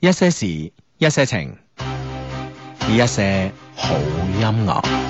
一些事，一些情，一些好音樂。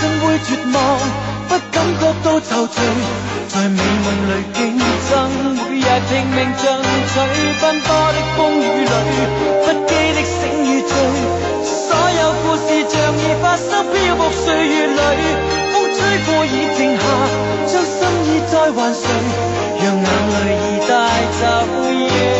怎會絕望？不感覺到愁緒，在美夢裏競爭，每日拼命進取。奔波的風雨裏，不羈的醒與醉，所有故事像已發生。漂泊歲月裏，風吹過已靜下，將心意再還誰？讓眼淚已帶走夜。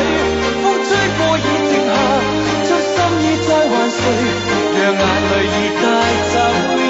風吹過已靜下，將心意再還誰？讓眼淚已帶走。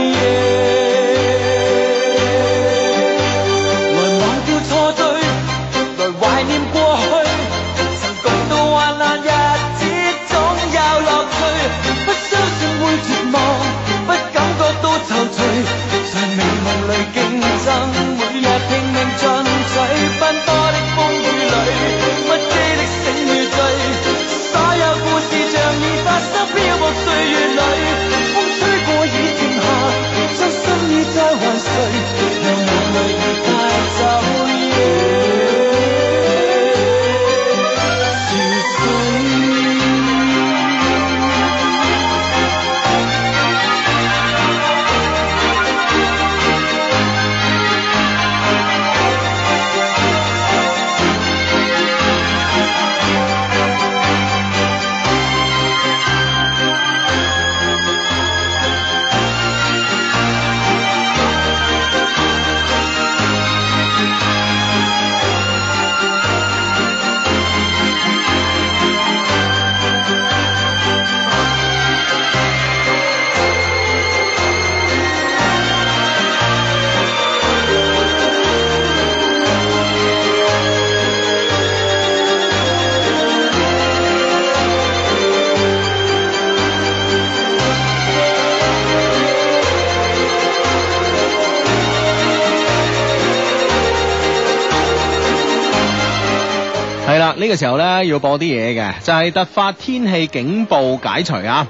呢個時候呢，要播啲嘢嘅，就係突發天氣警報解除啊！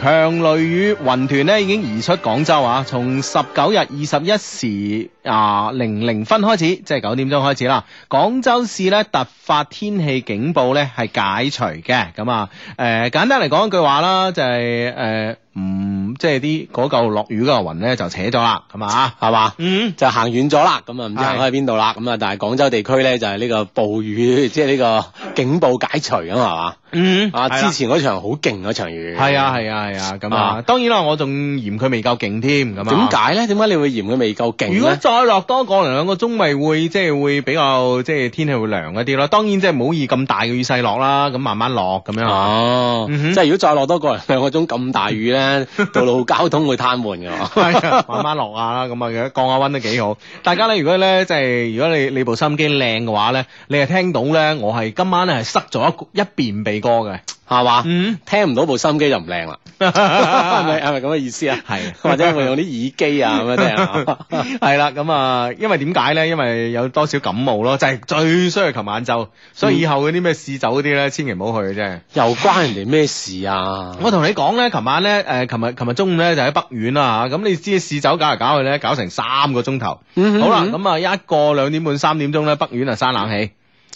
強雷雨雲團呢已經移出廣州啊！從十九日二十一時啊零零分開始，即係九點鐘開始啦。廣州市呢，「突發天氣警報」呢係解除嘅。咁啊，誒、呃，簡單嚟講一句話啦，就係誒。呃嗯，即係啲嗰嚿落雨嗰個雲咧就扯咗啦，咁啊，係嘛，嗯，就行遠咗啦，咁啊唔知行開去邊度啦，咁啊是，但係廣州地區咧就係、是、呢個暴雨，即係呢個警報解除咁，係嘛。嗯，mm hmm, 啊，啊之前嗰場好勁嗰場雨，係啊係啊係啊，咁啊，啊啊當然啦，我仲嫌佢未夠勁添，咁啊，點解咧？點解你會嫌佢未夠勁？夠勁如果再落多個零兩個鐘，咪會即係、就是、會比較即係、就是就是、天氣會涼一啲咯。當然即係唔好以咁大嘅雨勢落啦，咁慢慢落咁樣。哦，嗯、哼即係如果再落多個零兩個鐘咁 大雨咧，道路交通會癱瘓㗎。慢慢落啊，咁啊，降下溫都幾好。大家咧，如果咧即係如果你你部收音機靚嘅話咧，你係聽到咧，我係今晚咧係塞咗一一邊鼻。歌嘅係嘛，聽唔到部心機就唔靚啦，係咪係咪咁嘅意思 是是啊？係或者我用啲耳機啊咁樣聽，係啦，咁啊，因為點解咧？因為有多少感冒咯，就係、是、最衰。琴晚就，所以以後嗰啲咩試酒嗰啲咧，千祈唔好去嘅啫。嗯、 又關人哋咩事啊？我同你講咧，琴晚咧，誒、呃，琴日琴日中午咧就喺北苑啦，咁你知試酒搞嚟搞去咧，搞成三個鐘頭。嗯嗯好啦，咁啊，一過兩點半三點鐘咧，北苑啊，閂冷氣。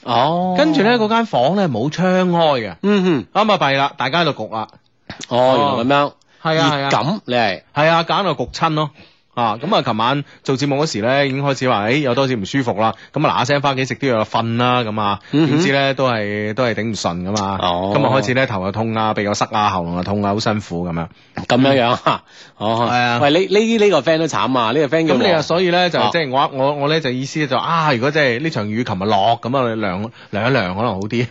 哦，跟住咧嗰間房咧冇窗開嘅，嗯嗯，啱，啊弊啦，大家喺度焗啦，哦，原來咁樣，係啊係啊，咁你係，係啊，搞到焗親咯。啊，咁、嗯、啊，琴晚做節目嗰時咧，已經開始話誒、欸，有多少唔舒服啦，咁啊嗱聲翻屋企食啲藥瞓啦，咁、哦、啊，點知咧都係都係頂唔順咁啊，咁啊開始咧頭又痛啊，鼻又塞啊，喉嚨又痛啊，好辛苦咁樣。咁樣樣吓，哦，係啊，喂，呢呢呢個、這個、friend 都慘啊，呢個 friend 咁、啊、你啊，所以咧就即係、啊、我我我咧就意思就是、啊，如果即係呢場雨琴日落咁啊涼涼一涼可能好啲、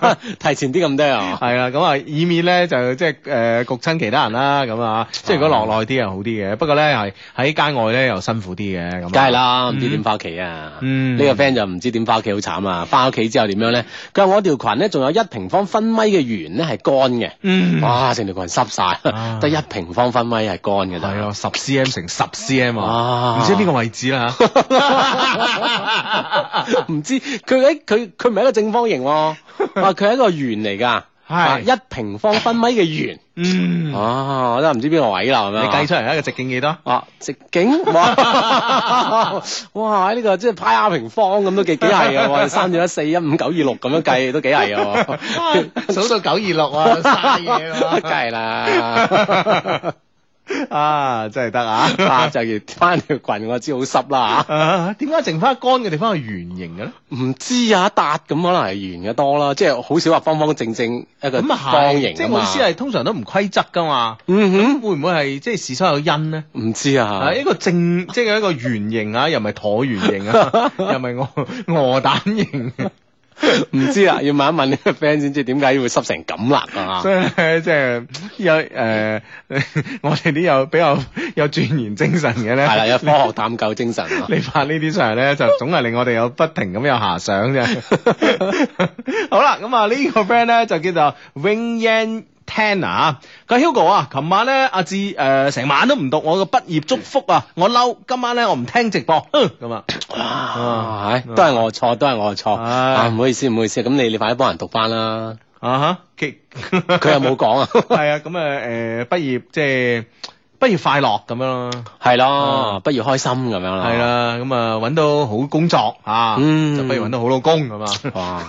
啊， 提前啲咁多啊，係 啊，咁、嗯、啊以免咧就即係誒焗親其他人啦，咁啊，即係如果落耐啲啊好啲嘅，不過咧係。喺街外咧又辛苦啲嘅，咁梗係啦，唔、嗯、知點翻屋企啊？嗯，呢個 friend 就唔知點翻屋企，好慘啊！翻屋企之後點樣咧？佢話我條裙咧，仲有一平方分米嘅圓咧係乾嘅，嗯，哇，成條裙濕晒，得、啊、一平方分米係乾嘅，就係咯十 cm 乘十 cm 啊，唔、啊、知邊個位置啦、啊？唔 知佢喺佢佢唔係一個正方形、啊，話佢係一個圓嚟噶，係是一平方分米嘅圓。嗯，啊，我都唔知邊個位啦咁樣，你計出嚟一個直徑幾多？哦、啊，直徑，哇， 哇，呢個即係派 R 平方咁都幾幾係嘅，哇，三咗一四一五九二六咁樣計都幾係 啊。數到九二六啊，晒嘢咯，梗係啦。啊，真係得啊！就 要、啊，翻條裙，我知好濕啦吓。點解剩翻乾嘅地方係圓形嘅咧？唔知啊，一笪咁可能係圓嘅多啦，即係好少話方方正正一個方形。即係意思先係通常都唔規則噶嘛。嗯哼，會唔會係即係事出有因呢？唔知啊。係、啊、一個正，即係一個圓形啊，又唔係橢圓形啊， 又唔係我鵝蛋形、啊。唔 知啦，要問一問呢個 friend 先知點解會濕成咁啦啊。所以咧，即係有誒，我哋啲有比較有鑽研精神嘅咧。係啦，有科學探究精神。你拍呢啲相咧，就總係令我哋有不停咁有遐想嘅。好啦，咁啊呢個 friend 咧就叫做 Wing Yan t 聽啊！佢 Hugo 啊，琴晚咧阿志誒成晚都唔讀我嘅畢業祝福啊！我嬲，今晚咧我唔聽直播，咁 啊，哇、哎，係都係我錯，都係我錯、哎、啊！唔好意思，唔好意思，咁你你快啲幫人讀翻啦！啊，佢佢又冇講啊，係、呃、啊，咁啊，誒畢業即係。就是不如快樂咁樣咯，係咯，不如開心咁樣啦，係啦，咁啊揾到好工作嚇，嗯，就不如揾到好老公咁樣啊，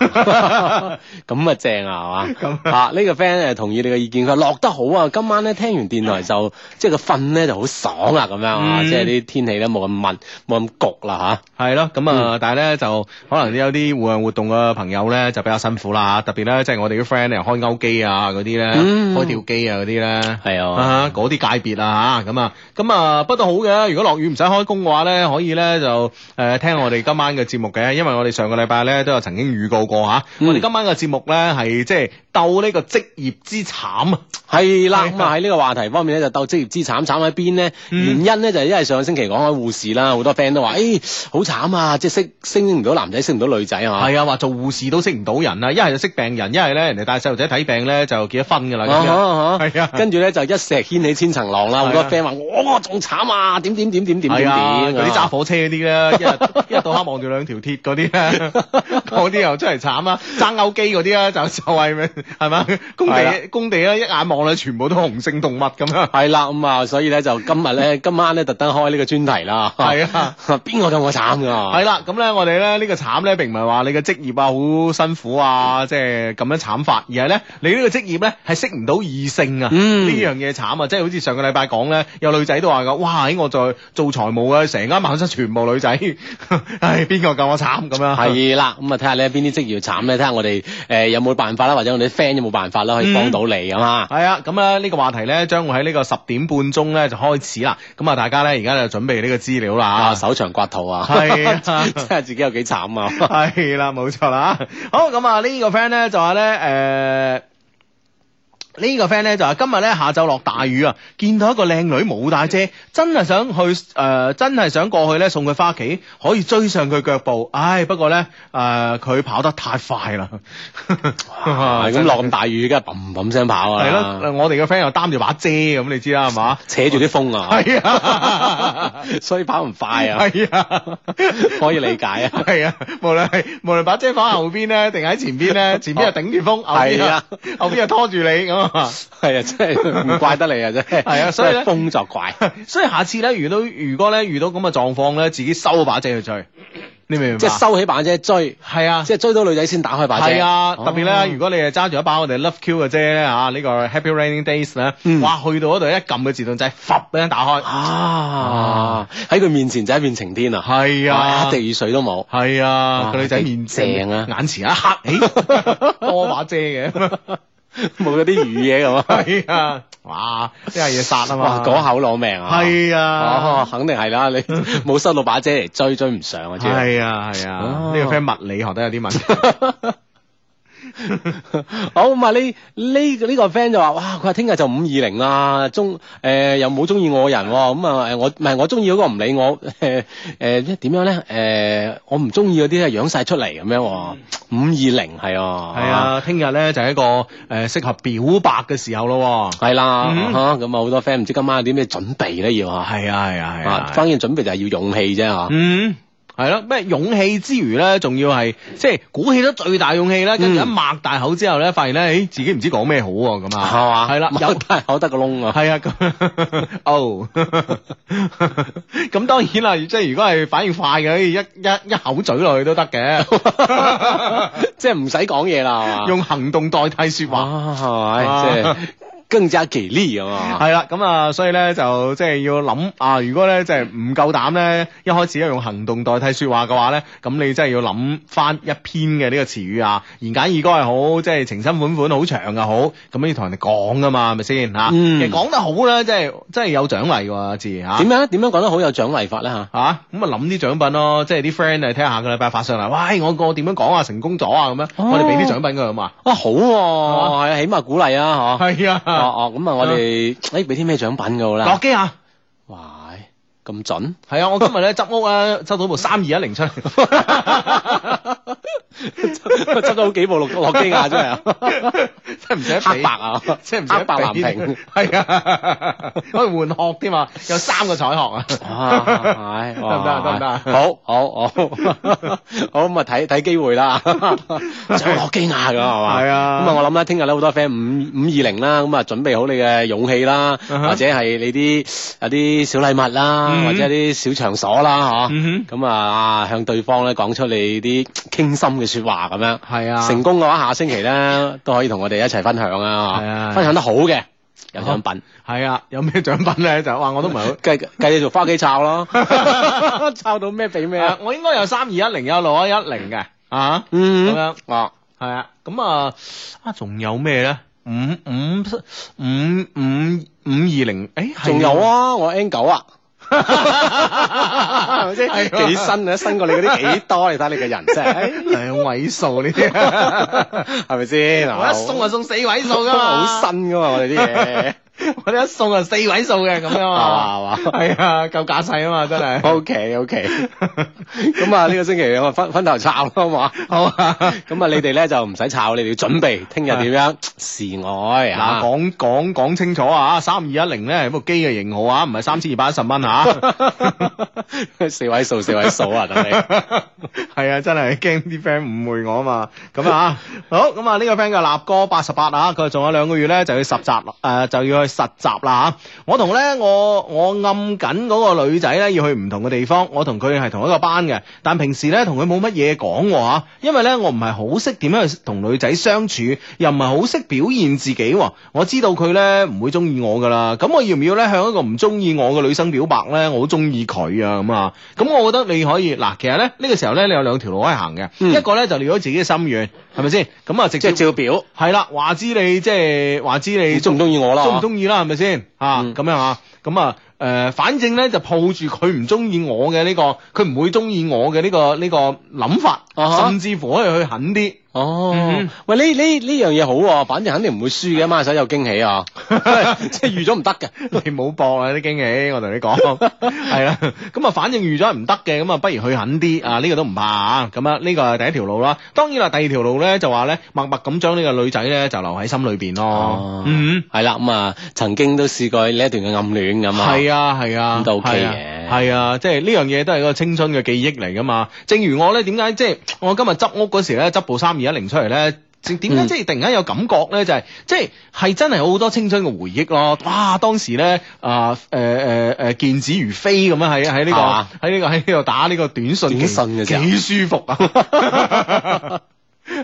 哇，咁啊正啊，係嘛，咁啊，呢個 friend 咧同意你嘅意見，佢落得好啊，今晚咧聽完電台就即係個瞓咧就好爽啦咁樣啊，即係啲天氣咧冇咁密，冇咁焗啦吓。係咯，咁啊，但係咧就可能有啲戶外活動嘅朋友咧就比較辛苦啦，特別咧即係我哋啲 friend 咧開勾機啊嗰啲咧，開吊機啊嗰啲咧，係啊，嗰啲界別啊。啊，咁啊，咁啊，不得好嘅，如果落雨唔使開工嘅話咧，可以咧就誒聽我哋今晚嘅節目嘅。因為我哋上個禮拜咧都有曾經預告過吓，我哋今晚嘅節目咧係即係鬥呢個職業之慘啊。係啦，咁啊喺呢個話題方面咧就鬥職業之慘慘喺邊呢？原因咧就係因為上個星期講開護士啦，好多 friend 都話誒好慘啊！即係識識唔到男仔，識唔到女仔啊！係啊，話做護士都識唔到人啊！一係就識病人，一係咧人哋帶細路仔睇病咧就結咗婚噶啦，係啊，跟住咧就一石掀起千層浪啦。嗯、個 friend 話：我仲慘啊！點點點點點點嗰啲揸火車嗰啲咧，一日一日到黑望住兩條鐵嗰啲咧，嗰啲又真係慘啊！揸鈎機嗰啲咧，就就係咪係嘛工地工地咧，地一眼望落全部都雄性動物咁樣。係啦，咁、嗯、啊，所以咧就今日咧今晚咧特登開呢個專題啦。係啊，邊個咁我慘㗎？係啦，咁咧我哋咧呢個慘咧並唔係話你嘅職業啊好辛苦啊，即係咁樣慘法，而係咧你呢個職業咧係識唔到異性啊呢樣嘢慘啊！即係好似上個禮拜講。講咧，有女仔都話噶，哇！喺我在做財務嘅，成間辦公室全部女仔，唉、 哎，邊個咁我慘咁樣？係啦，咁啊睇下你係邊啲職業慘咧？睇下我哋誒有冇辦法啦，或者我哋啲 friend 有冇辦法啦，可以幫到你啊嘛？係啊、嗯，咁啊呢個話題咧，將會喺呢個十點半鐘咧就開始啦。咁啊，大家咧而家就準備呢個資料啦啊，搜腸刮肚啊，即係的 自己有幾慘啊？係啦，冇錯啦。好，咁啊呢個 friend 咧就話咧誒。呃呢個 friend 咧就話：今日咧下晝落大雨啊，見到一個靚女冇帶遮，真係想去誒、呃、真係想過去咧送佢翻屋企，可以追上佢腳步。唉，不過咧誒佢跑得太快啦。咁落咁大雨，梗係砰砰聲跑啊！係咯，我哋嘅 friend 又擔住把遮咁，你知啦係嘛？扯住啲風啊！係啊，所以跑唔快啊！係啊，可以理解啊！係啊，無論係無論把遮跑後邊咧，定喺前邊咧，前邊又頂住風，係啊，後邊又拖住你咁啊！ 係啊，真係唔怪得你啊，真係。係啊，所以咧，風作怪，所以下次咧，遇到如果咧遇到咁嘅狀況咧，自己收把遮去追，你明唔明？即係收起把遮追，係啊，即係追到女仔先打開把遮。啊，特別咧，如果你係揸住一把我哋 Love Q 嘅遮啊，呢個 Happy Raining Days 咧，哇，去到嗰度一撳個自動掣，噗一聲打開，啊，喺佢面前就一片晴天啊，係啊，一滴雨水都冇，係啊，個女仔面正啊，眼前一黑，哎，多把遮嘅。冇咗啲魚嘢咁，係啊，哇，啲嘢殺啊嘛，講口攞命啊，係啊，哦，肯定係啦，你冇收到把遮嚟追追唔上啊，知唔知啊？係啊，係啊，呢個 friend 物理學得有啲問題。 好，咁啊，呢呢呢個 friend 就話：哇！佢話聽日就五二零啦，中誒、呃、又冇中意我人喎。咁啊誒，我唔係我中意嗰個唔理我誒誒點樣咧？誒我唔中意嗰啲啊，養晒出嚟咁樣。五二零係啊，係啊，聽日咧就係一個誒適、呃、合表白嘅時候咯。係啦，咁啊，好多 friend 唔知今晚有啲咩準備咧要啊。係啊，係啊，係啊，當然、啊啊、準備就係要勇氣啫嚇。啊、嗯。係咯，咩勇氣之餘咧，仲要係即係鼓起咗最大勇氣咧，跟住一擘大口之後咧，發現咧，誒，自己唔知講咩好咁啊，係嘛，係啦，擘大口得個窿啊，係啊，咁，哦，咁當然啦，即係如果係反應快嘅，一一一口嘴落去都得嘅，即係唔使講嘢啦，用行動代替說話，係咪，即係。更加吉利咁啊！係 啦，咁啊，所以咧就，就即係要諗啊、呃。如果咧即係唔夠膽咧，一、嗯、開始要用行動代替說話嘅話咧，咁你真係要諗翻一篇嘅呢個詞語啊。言簡意賅係好，即係情深款款好長啊。好，咁要同人哋講噶嘛，係咪先吓？嗯，講得好咧，即係即係有獎勵字吓。點樣？點樣講得好有獎勵法咧吓？吓，咁啊諗啲獎品咯，即係啲 friend 啊，聽下個禮拜發上嚟，喂，我個點樣講啊，成功咗啊，咁樣、啊，我哋俾啲獎品佢啊嘛。啊好，哦係，起碼鼓勵啊嗬。係啊。哦哦，咁，哦、啊，我哋誒俾啲咩獎品好啦？樂基啊！咁準？係啊！我今日咧執屋啊，執到部三二一零出嚟，執 到 好幾部諾諾基亞 真係，真係唔使黑白啊，真係唔使白藍屏，係 啊，可以換殼添嘛，有三個彩殼 啊，係得唔得？得唔得？好好、啊啊、好，好咁 啊，睇睇機會啦，想諾基亞㗎係嘛？係啊，咁啊，我諗咧，聽日咧好多 friend 五五二零啦，咁啊，準備好你嘅勇氣啦，或者係你啲有啲小禮物啦。嗯。或者一啲小場所啦，嗬，咁啊向對方咧講出你啲傾心嘅說話咁樣，係啊，成功嘅話下星期咧都可以同我哋一齊分享啊，分享得好嘅有獎品，係啊，有咩獎品咧就話，我都唔係繼繼翻屋企抄咯，抄到咩俾咩啊？我應該有三二一零有六一零嘅啊，嗯，咁樣哦，係啊，咁啊啊，仲有咩咧？五五五五五二零，誒，仲有啊，我 N 九啊。係咪先？幾 是吧新啊，新過你嗰啲幾多？ 你睇你個人真係，兩位數呢啲，係咪先？ 是是我一送就送四位數噶，好新噶嘛、啊、我哋啲嘢。 我哋一送啊四位數嘅咁樣嘛，係啊，夠架勢啊嘛，真係。O K O K，咁啊呢、這個星期我分分,分頭炒好嘛，好。咁啊你哋咧就唔使抄，你哋要準備聽日點樣示、啊、愛吓、啊？講講講清楚啊！三二一零咧係部機嘅型號啊，唔係三千二百一十蚊吓，四位數四位數啊，真係。係啊，真係驚啲 friend 誤會我啊嘛，咁啊好。咁啊呢個 friend 叫立哥，八十八啊，佢仲有兩個月咧就要實習誒，就要去。實習啦吓，我同咧我我暗緊嗰個女仔咧要去唔同嘅地方，我同佢係同一個班嘅，但平時咧同佢冇乜嘢講嘅，因為咧我唔係好識點樣去同女仔相處，又唔係好識表現自己，我知道佢咧唔會中意我噶啦，咁我要唔要咧向一個唔中意我嘅女生表白咧？我好中意佢啊咁啊，咁我覺得你可以嗱，其實咧呢、這個時候咧你有兩條路可以行嘅，嗯、一個咧就了咗自己嘅心願係咪先？咁啊直接即係照表係啦，話知你即係話知你中唔中意我啦、啊？意啦，係咪先吓？咁樣吓，咁、嗯、啊，誒、 嗯，反正咧就抱住佢唔中意我嘅呢個，佢唔會中意我嘅呢個呢個諗法，uh huh. 甚至乎可以去狠啲。哦，嗯嗯喂，呢呢呢樣嘢好、啊，反正肯定唔會輸嘅，嘛，所以有驚喜，啊， 即係預咗唔得嘅，啊、 你冇搏啊啲驚喜，我同你講，係啦，咁啊，反正預咗係唔得嘅，咁、嗯、啊，不如去狠啲啊，呢、這個都唔怕啊，咁啊，呢、這個係第一條路啦、啊。當然啦，第二條路咧就話咧默默咁將呢個女仔咧就留喺心裏邊咯。嗯，係、嗯、啦，咁 啊，曾經都試過呢一段嘅暗戀咁啊，係啊係啊，咁都嘅，係啊，即係呢樣嘢都係一個青春嘅記憶嚟噶嘛。正如我咧，點解即係我今日執屋嗰時咧，執部三一零出嚟咧，點解即係突然間有感覺咧？就係、是、即係係真係好多青春嘅回憶咯！哇，當時咧啊誒誒誒，健指如飛咁樣，喺喺呢個喺呢、啊這個喺呢度打呢個短信，短信嘅幾舒服啊！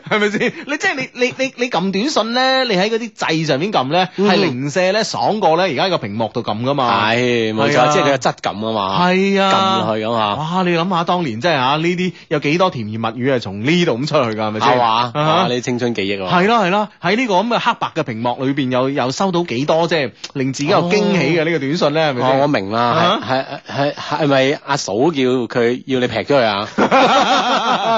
係咪先？你即係你你你你撳短信咧，你喺嗰啲掣上面撳咧，係零舍咧爽過咧，而家個屏幕度撳噶嘛？係冇錯，即係佢嘅質感啊嘛。係啊，撳落去啊嘛。哇！你諗下當年即係啊，呢啲有幾多甜言蜜語啊，從呢度咁出去噶係咪先？係嘛，你青春記憶啊。係咯，係咯，喺呢個咁嘅黑白嘅屏幕裏邊，又又收到幾多即係令自己有驚喜嘅呢個短信咧？係咪我明啦，係係係咪阿嫂叫佢要你劈咗去啊？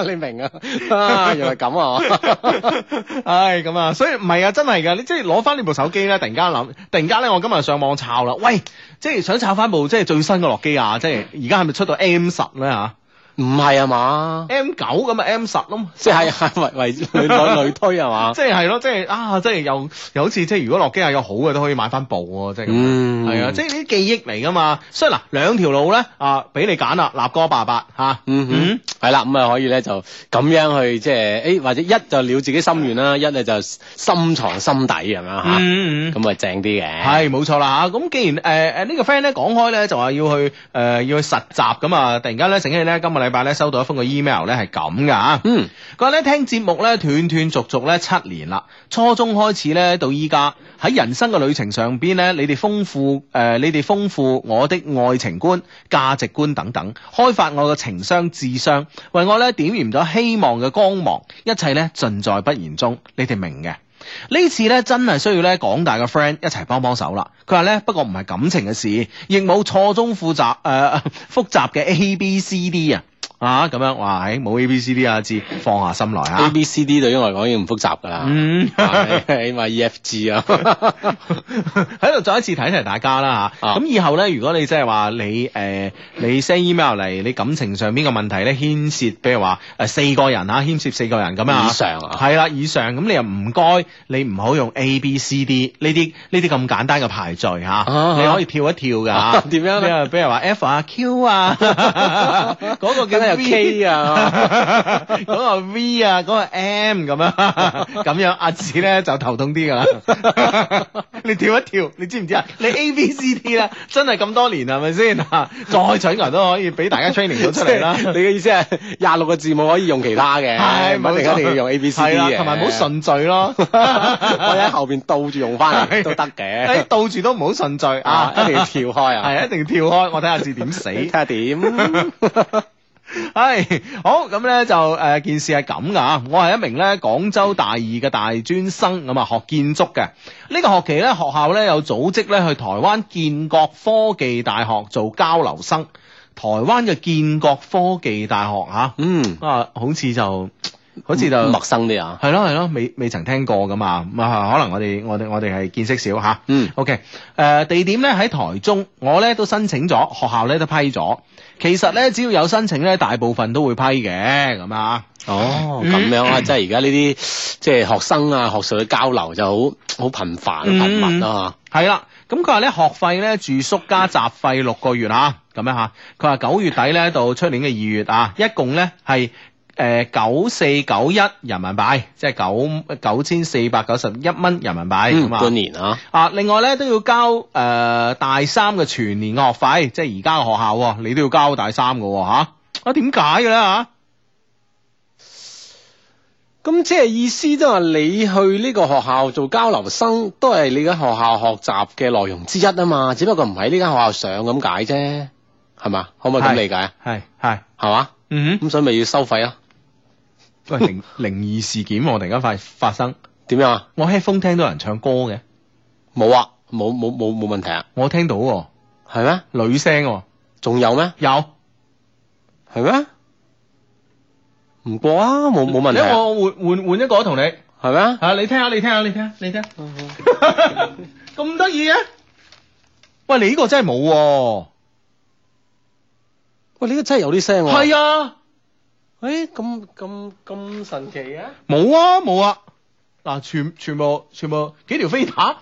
你明啊？啊，原來咁啊！唉，咁啊、 哎，所以唔係啊，真係噶，你即係攞翻呢部手機咧，突然間諗，突然間咧，我今日上網抄啦，喂，即係想抄翻部即係最新嘅諾基亞，即係而家係咪出到 M 十咧吓。唔係啊嘛，M 九咁啊 M 十咯，即係係為圍類類類推係嘛，即係係咯，即係啊，即係又又好似即係如果諾基亞有好嘅都可以買翻部，即係咁，係、嗯、啊，即係啲記憶嚟噶嘛，所以嗱兩條路咧啊俾你揀啦，立哥八八吓，嗯哼，係啦、嗯，咁啊可以咧就咁樣去即係誒或者一就了自己心願啦，一咧就深藏心底咁樣吓，咁啊嗯嗯嗯正啲嘅，係冇錯啦吓，咁既然誒誒呢個 friend 咧講開咧就話要去誒、呃、要去實習咁啊，突然間咧醒起咧今日。今禮拜咧收到一封個 email 咧，係咁噶吓，佢話咧聽節目咧斷斷續續咧七年啦，初中開始咧到依家喺人生嘅旅程上邊咧，你哋豐富誒、呃，你哋豐富我的愛情觀、價值觀等等，開發我嘅情商、智商，為我咧點燃咗希望嘅光芒，一切咧盡在不言中，你哋明嘅，呢次咧真係需要咧廣大嘅 friend 一齊幫幫手啦。佢話咧不過唔係感情嘅事，亦冇錯綜複雜誒、呃、複雜嘅 A B C D 啊。啊咁樣哇，冇 A B C D 啊字，放下心來啊！A B C D 對於我嚟講已經唔複雜噶啦，嗯，起碼 E F G 啊，喺度再一次提醒大家啦吓，咁以後咧，如果你即係話你誒，你 send email 嚟，你感情上邊嘅問題咧，牽涉，比如話誒四個人啊，牽涉四個人咁啊，以上啊，係啦，以上咁你又唔該，你唔好用 A B C D 呢啲呢啲咁簡單嘅排序吓，你可以跳一跳噶吓，點樣？即係比如話 F 啊 Q 啊，個嗰個 K 啊，嗰個 V 啊，嗰個 M 咁樣，咁樣阿志咧就頭痛啲噶啦。你跳一跳，你知唔知啊？你 A B C D 啦，真係咁多年係咪先？再蠢人都可以俾大家 training 到出嚟啦。你嘅意思係廿六個字母可以用其他嘅，係唔好一定要用 A B C D 嘅，同埋唔好順序咯，我喺後邊倒住用翻嚟都得嘅。你倒住都唔好順序啊，一定要跳開啊，係一定要跳開，我睇下字點死，睇下點。係、 嗯、 好，咁呢，就誒件事係咁噶我係一名呢廣州大二嘅大專生咁啊學建築嘅，呢個學期呢，學校呢有組織呢去台灣建國科技大學做交流生，台灣嘅建國科技大學吓，嗯啊，好似就好似就陌生啲啊，係咯係咯未未曾聽過噶嘛，咁可能我哋我哋我哋係見識少吓，嗯，OK 誒地點呢喺台中，我呢都申請咗，學校呢都批咗。其實咧，只要有申請咧，大部分都會批嘅咁啊。哦，咁樣啊，即係而家呢啲即係學生啊，學術嘅交流就好好頻繁、頻密啊。係啦、嗯，咁佢話咧，學費咧、住宿加雜費六個月啊，咁樣吓、啊。佢話九月底咧到出年嘅二月啊，一共咧係。誒、呃，九四九一人民幣，即係九九千四百九十一蚊人民幣。嗯，半年啊。啊，另外咧都要交誒、呃、大三嘅全年嘅學費，即係而家嘅學校你都要交大三嘅吓。啊，點解嘅咧吓？咁即係意思即係話你去呢個學校做交流生，都係你間學校學習嘅內容之一啊嘛，只不過唔喺呢間學校上咁解啫，係嘛？係。可唔可以咁理解？係係係嘛？吧嗯哼，咁所以咪要收費咯？喂，靈靈異事件，我突然間發發生，點樣啊？我 headphone 聽到有人唱歌嘅，冇啊，冇冇冇冇問題啊？我聽到，係咩女聲？仲有咩？有，係咩？唔過啊，冇冇問題啊。我換換換一個同你，係咩？啊，你聽下啊，你聽下啊，你聽啊，你聽，咁得意嘅？喂，你呢個真係冇喎。喂，你呢個真係有啲聲喎。係啊。誒，咁咁咁神奇啊！冇啊，冇啊，嗱、啊，全全部全部幾條飛塔，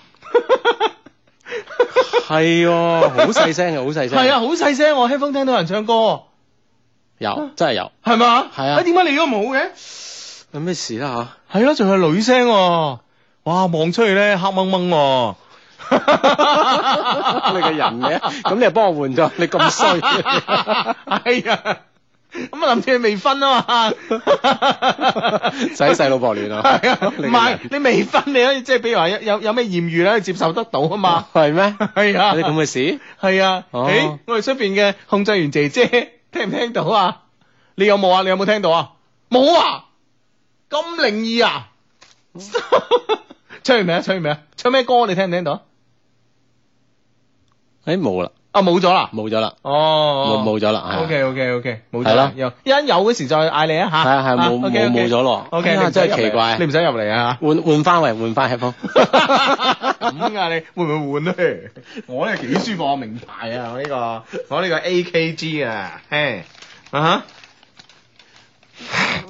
係，好細聲啊，好細聲，係啊，好細聲，我、哦、headphone 聽到人唱歌，有，真係有，係嘛吧，係啊，點解、啊、你嗰個冇嘅？ 有咩事啦、啊、吓？係咯、啊，仲有女聲、啊，哇，望出去咧黑掹掹、啊 你個人嘅，咁你又幫我換咗，你咁衰，係啊。咁 啊，諗住你未婚啊嘛，使細路博亂啊，啊，唔係你未婚，你可以即係，比如話有有咩艷遇咧，你可以接受得到啊嘛，係 咩 嗎？係 啊，啲咁嘅事，係 是啊，誒、 欸，我哋出邊嘅控制員姐姐，聽唔聽到啊？你有冇啊？你有冇聽到啊？冇啊，咁靈異啊 吹？吹完未啊？唱完未啊？唱咩歌？你聽唔聽到？誒，冇啦。啊，冇咗啦，冇咗啦，哦，冇冇咗啦，OK OK OK，冇咗，係咯，一有嗰時再嗌你一下。係啊係，冇冇冇咗咯，真係奇怪，你唔使入嚟啊，換換翻位，換翻氣氛，咁啊你，會唔會換咧？我呢個幾舒服啊，名牌啊，我呢個，我呢個 AKG 啊，嘿，啊。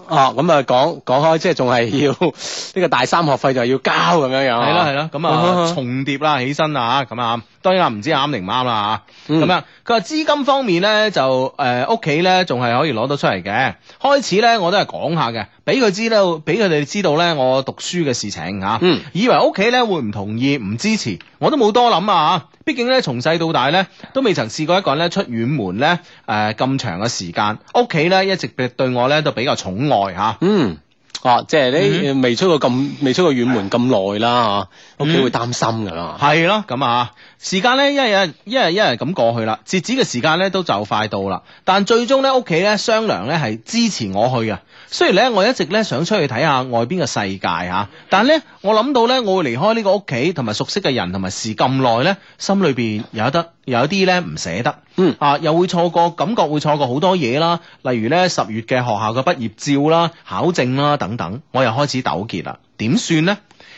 哦，咁 啊，講、嗯、講、嗯啊、開，即係仲係要呢、這個大三學費就係要交咁樣樣。係啦係啦，咁啊重疊啦，起身啊吓，咁啊，當然啊，唔知啱定唔啱啦吓。咁啊，佢話資金方面咧就誒屋企咧仲係可以攞得出嚟嘅。開始咧我都係講下嘅，俾佢知咧，俾佢哋知道咧我讀書嘅事情吓。嗯，以為屋企咧會唔同意唔支持。我都冇多諗啊，畢竟咧從細到大咧都未曾試過一個人咧出遠門咧誒咁長嘅時間，屋企咧一直對我咧都比較寵愛吓。嗯，哦，啊，即係你未出過咁，嗯，未出過遠門咁耐啦吓，屋企，嗯，會擔心噶啦。係咯，咁啊。時間咧一日一日一日咁過去啦，截止嘅時間咧都就快到啦。但最終咧屋企咧商量咧係支持我去嘅。雖然咧我一直咧想出去睇下外邊嘅世界吓，但係咧我諗到咧我會離開呢個屋企同埋熟悉嘅人同埋事咁耐咧，心裏邊有得有一啲咧唔捨得。嗯啊，又會錯過，感覺會錯過好多嘢啦，例如咧十月嘅學校嘅畢業照啦、考證啦等等，我又開始糾結啦，點算咧？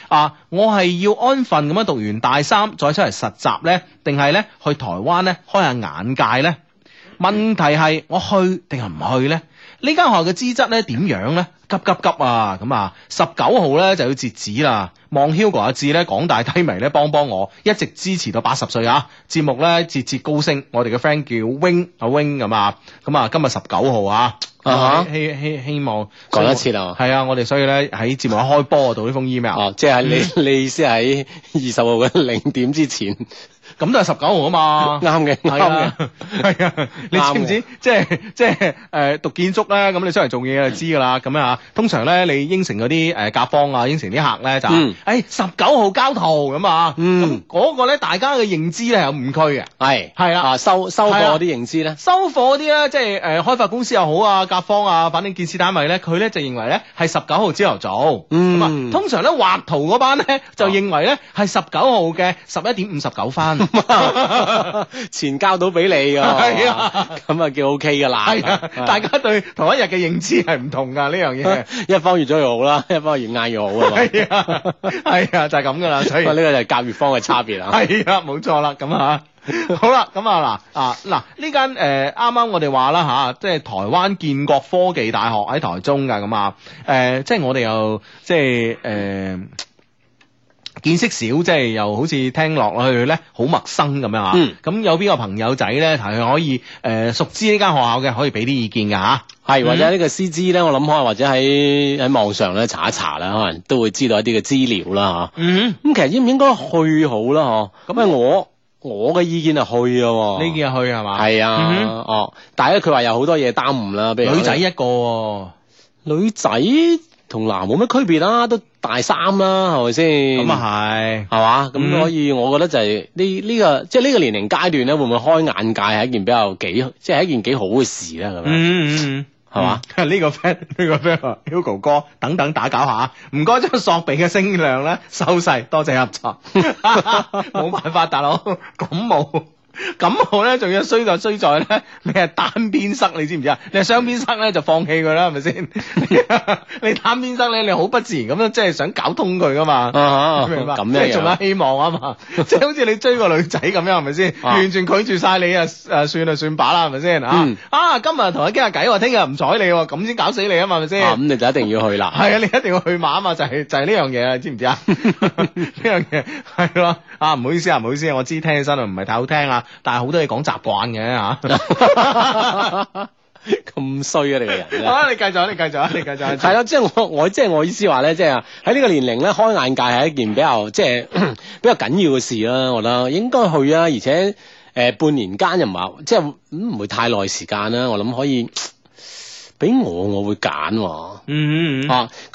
啊！我係要安分咁樣讀完大三再出嚟實習呢，定係呢？去台灣呢？開下眼界呢？問題係我去定係唔去呢？呢間學校嘅資質呢？點樣呢？急急急啊！咁啊，十九號呢就要截止啦。望 Hugo 啊志呢，廣大低迷呢幫幫我，一直支持到八十歲啊！節目呢，節節高升，我哋嘅 friend 叫 Wing 啊 Wing 咁啊，咁啊，今日十九號啊！啊、uh huh. 希希希望講一次啦，係啊！我哋所以咧喺節目一開波嗰度呢封 email，啊，即係你、嗯、你意思係二十號嘅零點之前。咁都係十九號啊嘛，啱嘅，啱嘅，係啊，你知唔知？即係即係誒讀建築咧，咁你出嚟做嘢就知噶啦。咁樣啊，通常咧你應承嗰啲誒甲方啊，應承啲客咧就誒十九號交圖咁啊。咁嗰個咧，大家嘅認知咧係有誤區嘅。係，係啊，收收貨嗰啲認知咧，收貨嗰啲咧，即係誒開發公司又好啊，甲方啊，反正建設單位咧，佢咧就認為咧係十九號朝頭早。咁啊，通常咧畫圖嗰班咧就認為咧係十九號嘅十一點五十九分。錢交到俾你噶，咁啊叫 O K 噶啦。係，大家對同一日嘅認知係唔同噶呢樣嘢。一方越早越好啦，一方越晏越好啊嘛。係啊，係啊，就係咁噶啦。所以呢個就係甲乙方嘅差別啊。係啊，冇錯啦。咁啊，好啦，咁啊嗱啊嗱呢間誒啱啱我哋話啦吓，即係台灣建國科技大學喺台中噶。咁啊誒，即係我哋又即係誒。見識少，即係又好似聽落去咧，好陌生咁樣啊！咁、嗯、有邊個朋友仔咧，係可，可以誒、呃、熟知呢間學校嘅，可以俾啲意見㗎嚇、啊。係或者個呢個師資咧，我諗可能或者喺喺網上咧查一查啦，可能都會知道一啲嘅資料啦嚇。咁、嗯哼嗯、其實應唔應該去好啦嗬、啊？咁啊、嗯、哼我我嘅意見啊去喎。呢件啊去係嘛？係啊，哦！但係咧，佢話有好多嘢耽誤啦，譬如女仔一個，女仔。女同男冇咩區別啦、啊，都大三啦、啊，係咪先？咁啊係，係嘛吧？咁、嗯、所以，我覺得就係呢呢個，即係呢個年齡階段咧，會唔會開眼界係一件比較幾，即係一件幾好嘅事啦咁樣。嗯嗯吧嗯，係嘛？呢個 friend 呢個 friend Hugo 哥等等打攪下，唔該將索鼻嘅聲量咧收細，多謝合、啊、作。冇 辦法，大佬感冒。咁我咧，仲要衰在衰在咧，你係單邊塞，你知唔知啊？你係雙邊塞咧，就放棄佢啦，係咪先？你單邊塞咧，你好不自然咁樣，即係想搞通佢噶嘛？明仲有希望啊嘛！即係好似你追個女仔咁樣，係咪先？完全拒絕晒你啊！誒，算啊，算把啦，係咪先？啊！今日同佢傾下偈，話聽日唔睬你，咁先搞死你啊嘛，係咪先？啊！咁你就一定要去啦。係啊，你一定要去碼啊嘛，就係就係呢樣嘢啊，知唔知啊？呢樣嘢係咯。啊！唔好意思啊，唔好意思，我知聽起身唔係太好聽啊。但係好多嘢講習慣嘅嚇，咁衰啊你個人！啊，你繼續啊，你繼續啊，你繼續啊，係咯， 即係我，我即係我意思話咧，即係喺呢個年齡咧，開眼界係一件比較即係 比較緊要嘅事啦、啊。我覺得應該去啊，而且誒、呃、半年間又唔話，即係唔會太耐時間啦、啊。我諗可以。 俾我我會揀，哦，佢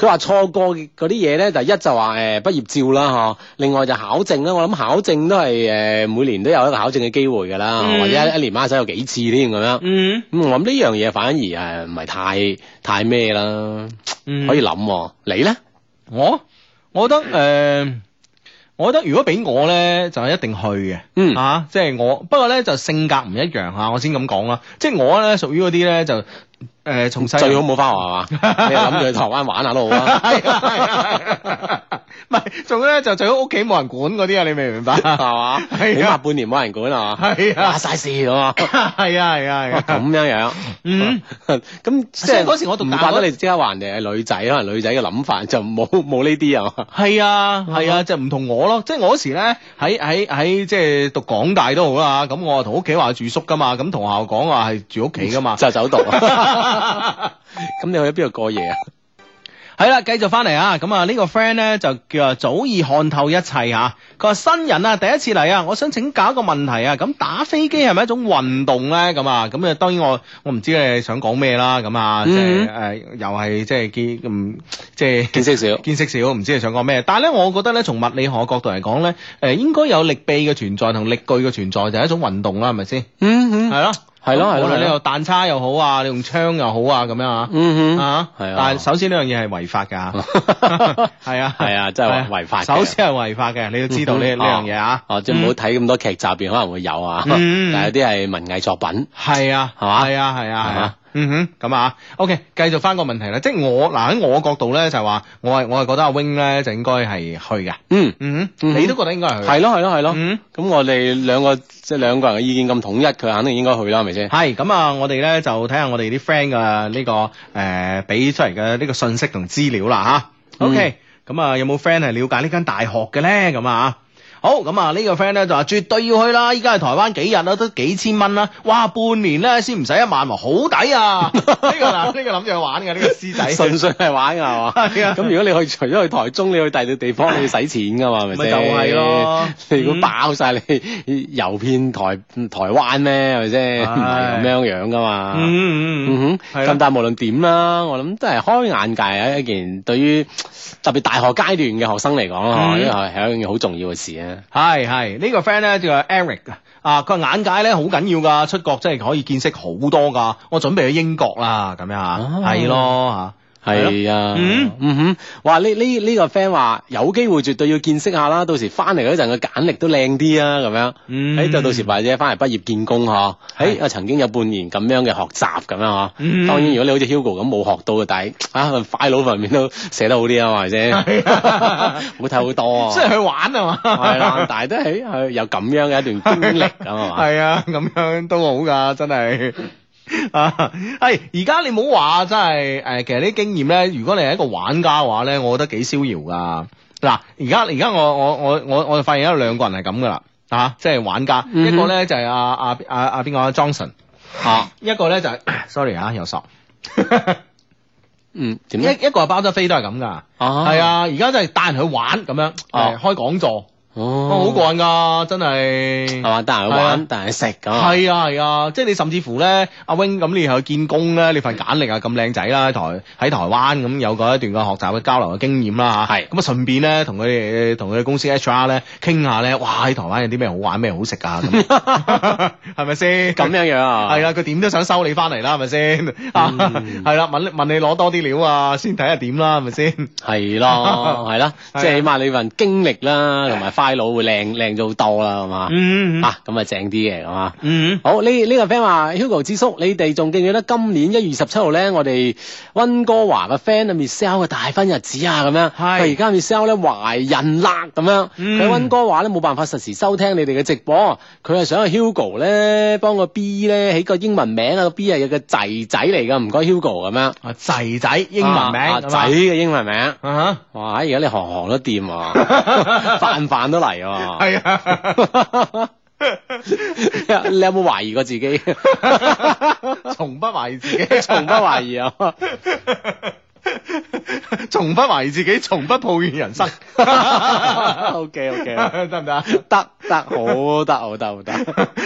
話錯過嗰啲嘢咧，第一就話誒畢業照啦，吓，另外就考證啦。我諗考證都係誒每年都有一個考證嘅機會噶啦，或者一一年馬仔有幾次添咁樣。嗯，咁我諗呢樣嘢反而誒唔係太太咩啦，可以諗。你咧？我我覺得誒，我覺得如果俾我咧，就一定去嘅。嗯啊，即係我不過咧就性格唔一樣吓，我先咁講啦。即係我咧屬於嗰啲咧就。誒，從細最好唔好返學嘛？你諗住去台灣玩下都好啊。唔係，仲咧就最好屋企冇人管嗰啲啊！你明唔明白啊？係嘛？起碼半年冇人管啊？係啊，晒事咁啊？係啊，係啊，係啊，咁樣樣。嗯，咁即係嗰時我讀唔怪得你即刻話人哋係女仔，可能女仔嘅諗法就冇冇呢啲啊？係啊，係啊，就唔同我咯。即係我嗰時咧喺喺喺即係讀廣大都好啊。咁我同屋企話住宿噶嘛，咁同學校講話係住屋企噶嘛，就走讀。咁 你去咗邊度過夜啊？係啦， 繼續翻嚟啊！咁啊，呢個 friend 咧就叫做早已看透一切吓。佢話新人啊，第一次嚟啊，我想請教一個問題啊。咁打飛機係咪一種運動咧？咁啊，咁啊，當然我我唔知你想講咩啦。咁啊、就是呃就是嗯，即係誒，又係即係見咁即係見識少，見識少，唔知你想講咩？但係咧，我覺得咧，從物理學角度嚟講咧，誒、呃，應該有力臂嘅存在同力具嘅存在就係、是、一種運動啦，係咪先？嗯哼，係咯。係咯，無論你用彈叉又好啊，你用槍又好啊，咁樣啊，嗯哼，啊，係啊。但係首先呢樣嘢係違法噶，係啊，係啊，即係話違法。首先係違法嘅，你都知道呢呢樣嘢啊。哦，即係唔好睇咁多劇集，邊可能會有啊。但係有啲係文藝作品。係啊，係嘛？係啊，係啊，係。嗯哼，咁啊，OK，繼續翻個問題啦，即係我，嗱、呃、喺我角度咧就係、是、話，我係我係覺得阿 Wing 咧就應該係去嘅。嗯嗯，嗯哼你都覺得應該係去？係咯係咯係咯。嗯哼，咁我哋兩個即係兩個人嘅意見咁統一，佢肯定應該去啦，係咪先？係，咁啊，我哋咧就睇下我哋啲 friend 嘅呢個誒，俾、呃、出嚟嘅呢個信息同資料啦吓。啊嗯、OK，咁啊，有冇 friend 係了解呢間大學嘅咧？咁啊。好咁啊！呢個 friend 咧就話絕對要去啦！依家係台灣幾日啦？都幾千蚊啦！哇，半年咧先唔使一萬，好抵啊！呢個嗱，呢個諗住玩嘅呢個師仔，純粹係玩嘅係嘛？咁如果你去除咗去台中，你去第二啲地方，你要使錢噶嘛？咪就係咯，你如果爆晒你遊遍台台灣咧，係咪先？係咁樣樣噶嘛？咁但係無論點啦，我諗都係開眼界啊！一件對於特別大學階段嘅學生嚟講，嗬，係一件好重要嘅事啊！係係呢個 friend 咧叫做 Eric 啊，佢眼界咧好緊要噶，出國真係可以見識好多噶。我準備去英國啦，咁樣吓，係咯吓。係啊，嗯哼，哇！呢呢呢個 friend 話有機會絕對要見識下啦，到時翻嚟嗰陣個簡歷都靚啲啊，咁樣，喺度到時或者翻嚟畢業見工嗬，喺啊曾經有半年咁樣嘅學習咁樣嗬，嗯，當然如果你好似 Hugo 咁冇學到嘅，但係啊快腦方面都寫得好啲啊，係咪先？係冇睇好多，啊。即係去玩啊嘛，係啦，但係都係去有咁樣嘅一段經歷咁啊嘛，係啊，咁樣都好噶，真係。啊，係而家你唔好話真係，誒，其實啲經驗咧，如果你係一個玩家嘅話咧，我覺得幾逍遙噶。嗱、啊，而家而家我我我我我發現有兩個人係咁噶啦，啊，即係玩家，mm hmm. 一個咧就係阿阿阿阿邊個阿 Johnson，啊，啊啊啊 Johnson, 啊一個咧就係、是啊，sorry 啊，又十， 嗯，點？一一個係包德飛都係咁噶，係啊，而家、啊、就係帶人去玩咁樣，啊、開講座。哦，好過癮噶，真係，係嘛，得閒玩，得閒食咁。係啊係啊，即係你甚至乎咧，阿 Wing 咁你去見工咧，你份簡歷啊咁靚仔啦，台、喺台灣咁有過一段嘅學習嘅交流嘅經驗啦吓，係咁啊順便咧同佢哋同佢哋公司 HR 咧傾下咧，哇喺台灣有啲咩好玩咩好食啊。咁係咪先咁樣樣啊？係啊，佢點都想收你翻嚟啦，係咪先？係啦，問問你攞多啲料啊，先睇下點啦，係咪先？係咯係啦，即係起碼你份經歷啦，同埋快。細佬會靚靚咗好多啦，係嘛啊，咁啊正啲嘅，係嘛。好呢呢個 friend 話 Hugo 之叔，你哋仲記唔記得今年一月十七號咧，我哋温哥華嘅 friend 阿 Michelle 嘅大婚日子啊，咁樣。係佢而家 Michelle 咧懷孕啦，咁樣。佢温哥華咧冇辦法實時收聽你哋嘅直播，佢係想去 Hugo 咧幫個 B 咧起個英文名啊，個 B 係有個仔仔嚟噶，唔該 Hugo 咁樣。仔仔英文名仔嘅英文名啊！哇，而家你行行都掂啊，范范。都嚟啊！係啊！你有冇懷疑過自己？從不懷疑自己，從不懷疑啊！從不懷疑自己，從不抱怨人生。O K O K，得唔得？得得，好得好得，得。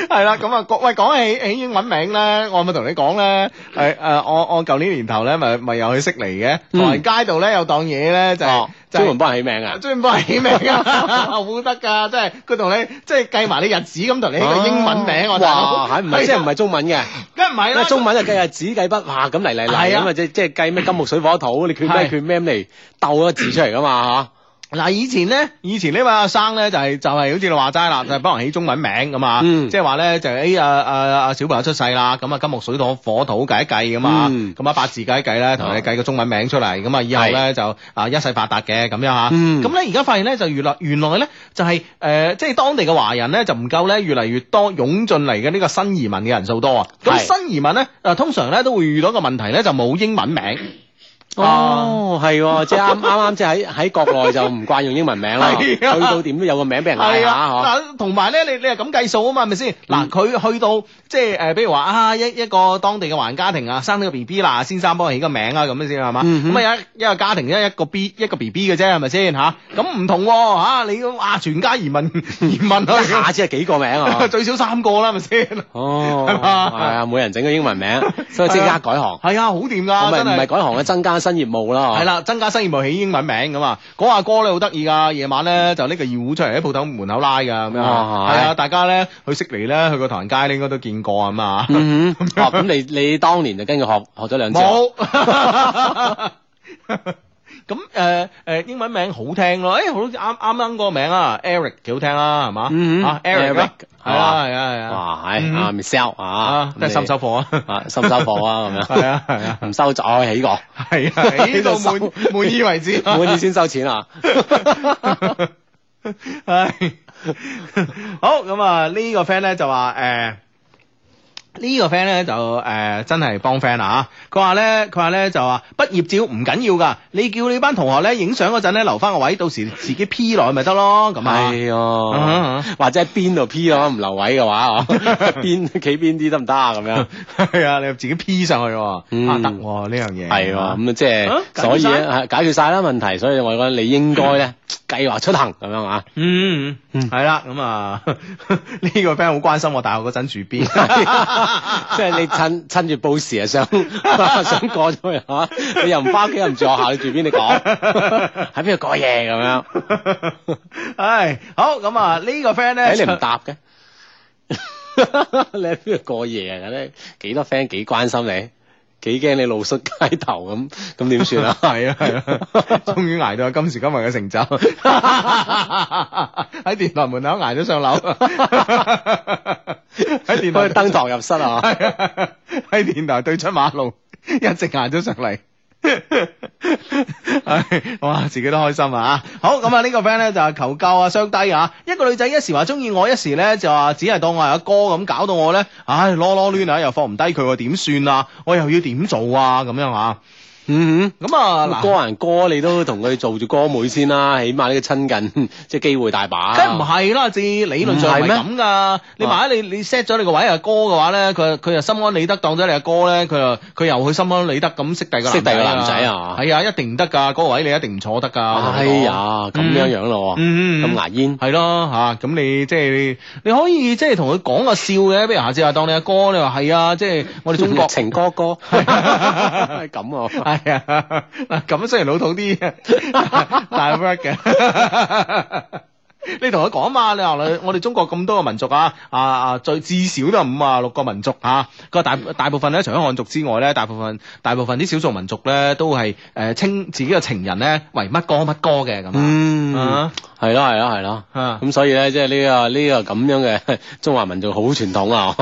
係啦，咁啊，各位，講起起英文名咧，我咪同你講咧，係誒，我我舊年年頭咧，咪咪又去悉尼嘅，喺街度咧又當嘢咧，就專門幫人起名啊！專門幫人起名啊，好得噶，即係佢同你即係計埋你日子咁，同你起個英文名，我哋哇，吓，唔係即係唔係中文嘅？梗係唔係啦，中文就計日子計筆畫咁嚟嚟嚟咁啊，即係即係計咩金木水火土。好，你叫咩？叫 M 嚟鬥一個字出嚟噶嘛？吓嗱，以前咧，以前呢位阿生咧就係就係好似你話齋啦，就係、是、幫、就是、人起中文名咁、嗯欸、啊，即係話咧就誒，阿阿阿小朋友出世啦，咁啊金木水土火土計一計咁啊，咁啊、嗯、八字計一計咧，同你計個中文名出嚟，咁啊以後咧是 就啊一世發達嘅咁樣吓。咁咧而家發現咧就原來原來咧就係、是、誒，即、呃、係、就是、當地嘅華人咧就唔夠咧，越嚟越多湧進嚟嘅呢個新移民嘅人數多啊。咁是 新移民咧，誒通常咧都會遇到一個問題咧，就冇英文名。 哦，係，即係啱啱啱即係喺喺國內就唔慣用英文名咯，去到點都有個名俾人嗌下嗬。係啊，同埋咧，你你係咁計數啊嘛，係咪先？嗱，佢去到即係誒，比如話啊一一個當地嘅華人家庭啊，生咗個 B B 啦，先生幫我起個名啊，咁樣先係嘛？咁啊一一個家庭一一個 B 一個 B B 嘅啫，係咪先吓？咁唔同吓，你哇全家移民移民啊，一下子係幾個名啊？最少三個啦，係咪先。哦，係啊，每人整個英文名，所以即刻改行。係啊，好掂噶，真係。唔係唔係改行嘅，增加。新業務啦，係啦，增加新業務起英文名咁啊！阿、那個、哥咧好得意噶，夜晚咧就拎個二胡出嚟喺鋪頭門口拉噶咁樣，係啊！的的大家咧去悉尼咧，去個唐人街咧，應該都見過啊嘛。咁你你當年就跟佢學學咗兩次。沒 咁誒誒英文名好聽咯，誒好多啱啱啱嗰個名啊，Eric 幾好聽啦，係嘛？Eric 係嘛係啊係啊，哇係啊，Michelle 啊，得收唔收貨啊？啊收唔收貨啊？咁樣係啊係啊，唔收就我喺呢度，啊喺呢度滿滿意為止，滿意先收錢啊！唉，好咁啊，呢個 friend 咧就話誒。呢個 friend 咧就誒真係幫 friend 啊。嚇，佢話咧佢話咧就話畢業照唔緊要噶，你叫你班同學咧影相嗰陣咧留翻個位，到時自己 P 落咪得咯，咁啊，係啊，或者喺邊度 P 咯，唔留位嘅話，邊企邊啲得唔得啊？咁樣係啊，你自己 P 上去，啊得喎呢樣嘢，係喎，咁即係，所以啊解決晒啦問題，所以我覺得你應該咧計劃出行咁樣啊，嗯，係啦，咁啊呢個 friend 好關心我大學嗰陣住邊。 即係你趁趁住報時啊，想 想過咗去吓、啊？你又唔翻屋企，又唔住學校，你住邊？你講喺邊度過夜咁樣？唉，好咁啊， 個呢個 friend 咧， 你唔答嘅， 你喺邊度過夜啊？咁咧，幾多 friend 幾關心你。幾驚你露宿街頭咁，咁點算啊？係啊係啊，終於挨到今時今日嘅成就，喺 電台門口挨咗上樓，喺 電台登 堂入室啊，喺、 啊、電台對出馬路一直挨咗上嚟。哇！ 自己都開心啊，好咁啊呢個 friend 呢，就係求救啊，傷低啊，一個女仔一時話中意我，一時呢就話只係當我係阿哥咁，搞到我呢。唉、哎，囉囉攣啊，又放唔低佢，點算啊？我又要點做啊？咁樣啊？嗯，咁啊，哥人哥，你都同佢做住哥妹先啦、啊，起碼呢個親近，即係機會大把、啊。梗唔係啦，至理論上係咁噶。你萬一你你 set 咗你個位係哥嘅話咧，佢佢又心安理得當咗你阿哥咧，佢又佢又去心安理得咁識、啊、識第個識第個男仔啊？係啊，一定唔得噶，嗰、那個位你一定唔坐得噶。係啊，咁樣樣咯，咁牙煙係咯吓，咁、啊、你即係你，你可以即係同佢講個笑嘅，不如下次話當你阿哥，哥，你話係啊，即係我哋中國情哥哥咁啊。係啊，嗱咁 雖然老土啲，但係 work 嘅。你同佢講嘛，你話我哋中國咁多個民族啊，啊啊最至少都有五啊六個民族啊。個大大部分咧，除咗漢族之外咧，大部分大部分啲少數民族咧都係誒稱自己嘅情人咧為乜哥乜哥嘅咁啊。係咯係咯係咯，咁所以咧，即係呢個呢個咁樣嘅中華民族好傳統啊，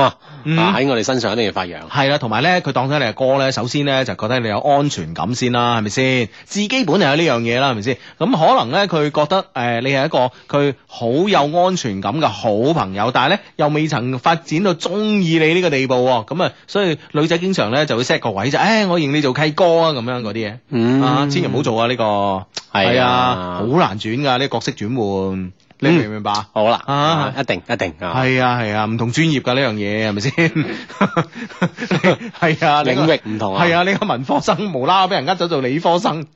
喺我哋身上一定要發揚。係啦，同埋咧，佢當咗你係哥咧，首先咧就覺得你有安全感先啦，係咪先？自己本嚟有呢樣嘢啦，係咪先？咁可能咧，佢覺得誒，你係一個佢好有安全感嘅好朋友，但係咧又未曾發展到中意你呢個地步，咁啊，所以女仔經常咧就會 set 個位就誒，我認你做契哥啊，咁樣嗰啲嘢啊，千祈唔好做啊呢個，係啊，好難轉噶呢個角色轉。門、嗯、你明唔明白？好啦，啊一，一定一定係啊係啊，唔同專業噶呢樣嘢係咪先？係啊，領、啊、域唔同啊。係啊，你、呢個文科生無啦啦俾人呃咗做理科生，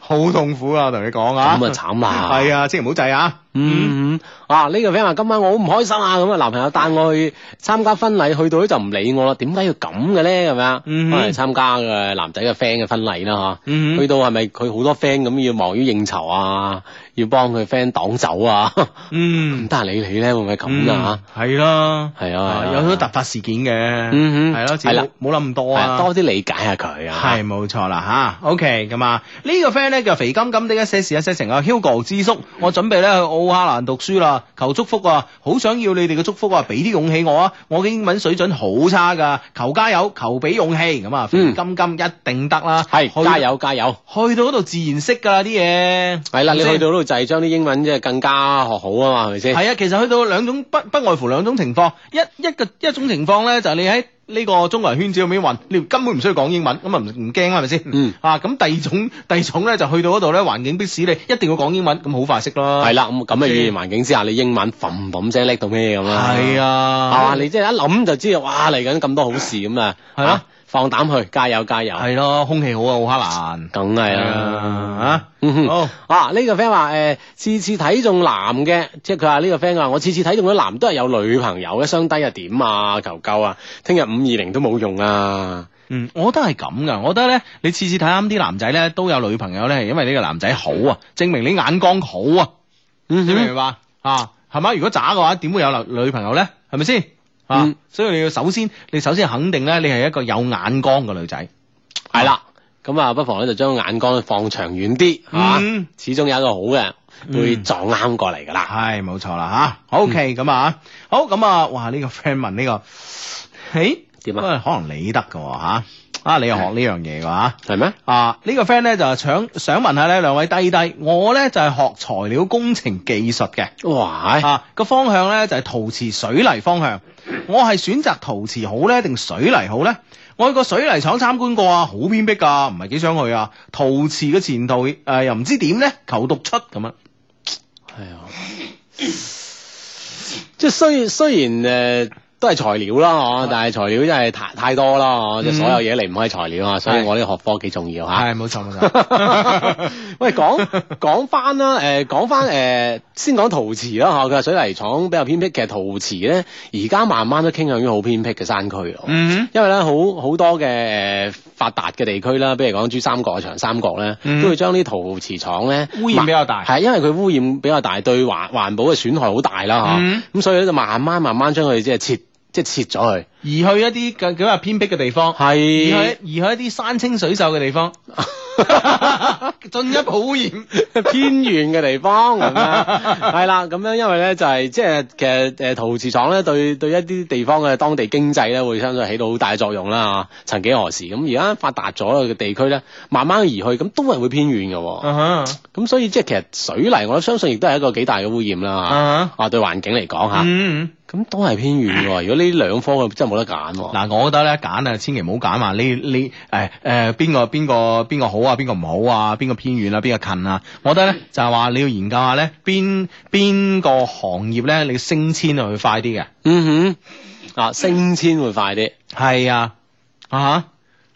好痛苦啊！我同你講啊，咁啊慘啊，係啊，啊，千祈唔好制啊。嗯，啊呢個 friend 話今晚我好唔開心啊，咁啊男朋友帶我去參加婚禮，去到咧就唔理我啦，點解要咁嘅咧？係咪啊？嗯，返嚟參加嘅男仔嘅 friend 嘅婚禮啦吓，嗯，去到係咪佢好多 friend 咁要忙於應酬啊，要幫佢 friend 擋酒啊？嗯，得閒理你咧，會唔會咁噶？吓，係咯，係啊，有好多突發事件嘅，嗯哼，係咯，係啦，冇諗咁多啊，多啲理解下佢啊，係冇錯啦吓，OK 咁啊，呢個 friend 咧就肥金金啲，一些事一些情啊，Hugo 之叔，我準備咧我。烏哈蘭讀書啦，求祝福啊！好想要你哋嘅祝福啊，俾啲勇氣我啊！我嘅英文水準好差噶，求加油，求俾勇氣，咁、嗯、金金一定得啦！係加油加油，加油去到嗰度自然識噶啦啲嘢。係啦，了是是你去到嗰度就係將啲英文即係更加學好啊嘛，係咪先？係啊，其實去到兩種不不外乎兩種情況，一一個一,一,一種情況咧就係、是、你喺。呢個中國人圈子有咩運，你根本唔需要講英文，咁、嗯、啊唔唔驚啦，係咪先？嗯。啊、嗯，咁第二種第二種咧就去到嗰度咧，環境逼使你一定要講英文，咁好快識咯。係啦，咁咁嘅語言環境之下，你英文嘭嘭聲叻到咩咁啊？係啊，啊你即係一諗就知道，哇嚟緊咁多好事咁啊，係啊。放膽去，加油加油！係咯，空氣好啊，奧克蘭，梗係啦吓。好啊，呢、這個 friend 話誒、呃，次次睇中男嘅，即係佢話呢個 friend 話，我次次睇中咗男都係有女朋友嘅，傷低又點啊，求救啊！聽日五二零都冇用啊。嗯，我覺得係咁噶，我覺得咧，你次次睇啱啲男仔咧，都有女朋友咧，因為呢個男仔好啊，證明你眼光好啊。嗯。你明唔明啊？係咪？如果渣嘅話，點會有女女朋友咧？係咪先？嗯、所以你要首先，你首先肯定咧，你係一個有眼光嘅女仔，係啦。咁啊，不妨咧就將眼光放長遠啲吓，嗯、始終有一個好嘅、嗯、會撞啱過嚟噶啦。係冇錯啦吓，好、啊、OK 咁、嗯、啊，好咁啊，哇！呢、呢個 friend 問呢、呢個誒點啊？可能你得嘅吓啊，你又學呢樣嘢嘅吓係咩啊？嗎啊呢個、呢個 friend 咧就想想問下呢兩位弟弟，我咧就係、是、學材料工程技術嘅哇吓個、啊啊、方向咧就係陶瓷水泥方向。我係選擇陶瓷好咧，定水泥好咧？我去個水泥廠參觀過啊，好偏僻噶，啊，唔係幾想去啊。陶瓷嘅前途，誒、呃，又唔知點咧？求獨出咁啊，係啊， 呃、 即係雖雖然誒。呃都係材料啦，但係材料真係太太多啦，即係、嗯、所有嘢離唔開材料啊，所以我呢個學科幾重要嚇。係冇錯冇錯。錯 喂，講講翻啦，誒、呃、講翻誒、呃，先講陶瓷啦，嚇！佢水泥廠比較偏僻，嘅陶瓷咧，而家慢慢都傾向於好偏僻嘅山區咯。嗯、因為咧，好好多嘅誒發達嘅地區啦，比如講珠三角啊、長三角咧，都會將啲陶瓷廠咧污染比較大，係因為佢污染比較大，對環環保嘅損害好大啦，嚇、嗯！咁所以咧就慢慢慢慢將佢即係撤。即係切咗去，去，是去，移去一啲咁咁話偏僻嘅地方，係移去一啲山清水秀嘅地方，進 一步污染偏遠嘅地方，係啦，咁 樣，因為咧就係即係其實誒陶瓷廠咧對對一啲地方嘅當地經濟咧會相對起到好大嘅作用啦，曾幾何時咁而家發達咗嘅地區咧慢慢移去咁都係會偏遠嘅，咁、uh huh. 所以即係其實水泥，我相信亦都係一個幾大嘅污染啦吓，啊、uh huh. 對環境嚟講吓。Mm hmm. 咁都係偏遠喎，如果呢兩科嘅真係冇得揀。嗱、啊，我覺得咧揀啊，千祈唔好揀話呢呢誒誒邊個邊個邊個好啊，邊個唔好啊，邊個偏遠啊，邊個近啊。我覺得咧、嗯、就係話你要研究下咧邊邊個行業咧你升遷係會快啲嘅。嗯哼，啊升遷會快啲，係啊，啊。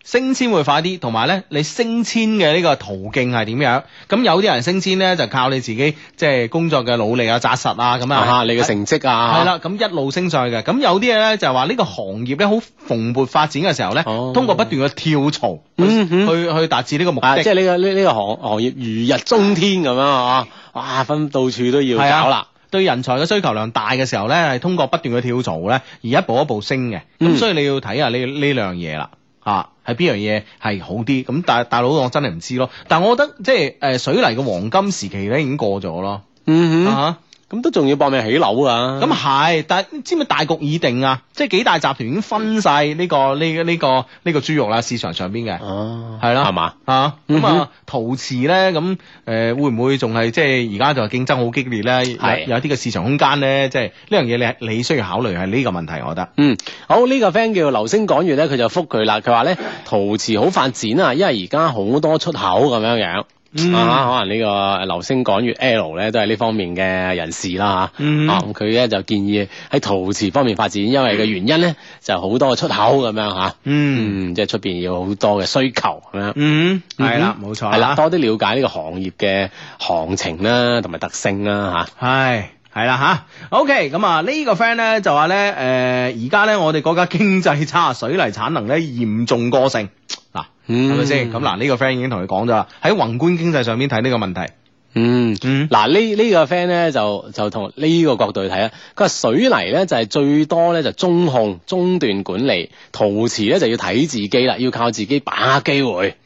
升遷會快啲，同埋咧，你升遷嘅呢個途徑係點樣？咁有啲人升遷咧，就靠你自己，即係工作嘅努力啊、紮實啊咁啊，是你嘅成績啊，係啦，咁一路上升上去嘅。咁有啲嘢咧，就係話呢個行業咧好蓬勃發展嘅時候咧，哦、通過不斷嘅跳槽，嗯嗯，去去達至呢個目的，的即係呢、這個呢呢個行行業如日中天咁樣啊，哇，分到處都要搞啦的、啊。對人才嘅需求量大嘅時候咧，係通過不斷嘅跳槽咧，而一步一步，一步升嘅。咁所以你要睇下呢呢樣嘢啦，吓、嗯。係邊樣嘢係好啲？咁但係大佬，大我真係唔知咯。但係我覺得即係誒、呃、水泥嘅黃金時期咧，已經過咗咯。嗯哼啊！咁都仲要搏命起樓啊？咁係，但係知唔知大局已定啊？即係幾大集團已經分晒呢、這個呢、這個呢、這個呢、這個豬肉啦，市場上邊嘅，係啦，係嘛啊？咁了吧啊，啊嗯、哼陶瓷咧，咁、嗯、誒，會唔會仲係即係而家就競爭好激烈咧是？有有啲嘅市場空間咧，即係呢樣嘢你你需要考慮係呢個問題，我覺得。嗯，好，這個、呢個 friend 叫劉星講完咧，佢就復佢啦。佢話咧，陶瓷好發展啊，因為而家好多出口咁樣樣。Mm hmm. 啊可能呢個流星趕月 L 咧，都係呢方面嘅人士啦吓。Mm hmm. 啊，佢咧就建議喺陶瓷方面發展，因為個原因咧就好多出口咁樣吓。啊 mm hmm. 嗯，即係出邊要好多嘅需求咁樣。Mm hmm. 嗯哼，係啦，冇錯係啦，多啲了解呢個行業嘅行情啦，同埋特性啦吓。係，係啦吓。OK，咁啊呢個 friend 咧就話咧，誒而家咧我哋國家經濟差，水泥產能咧嚴重過剩。嗱。嗯，係咪先？咁嗱，呢個 friend 已經同佢講咗啦，喺宏觀經濟上面睇呢個問題。嗯，嗱、嗯，這個、呢呢個 friend 咧，就就同呢個角度去睇啦。佢話水泥咧就係、是、最多咧就是、中控中段管理，陶瓷咧就要睇自己啦，要靠自己把握機會。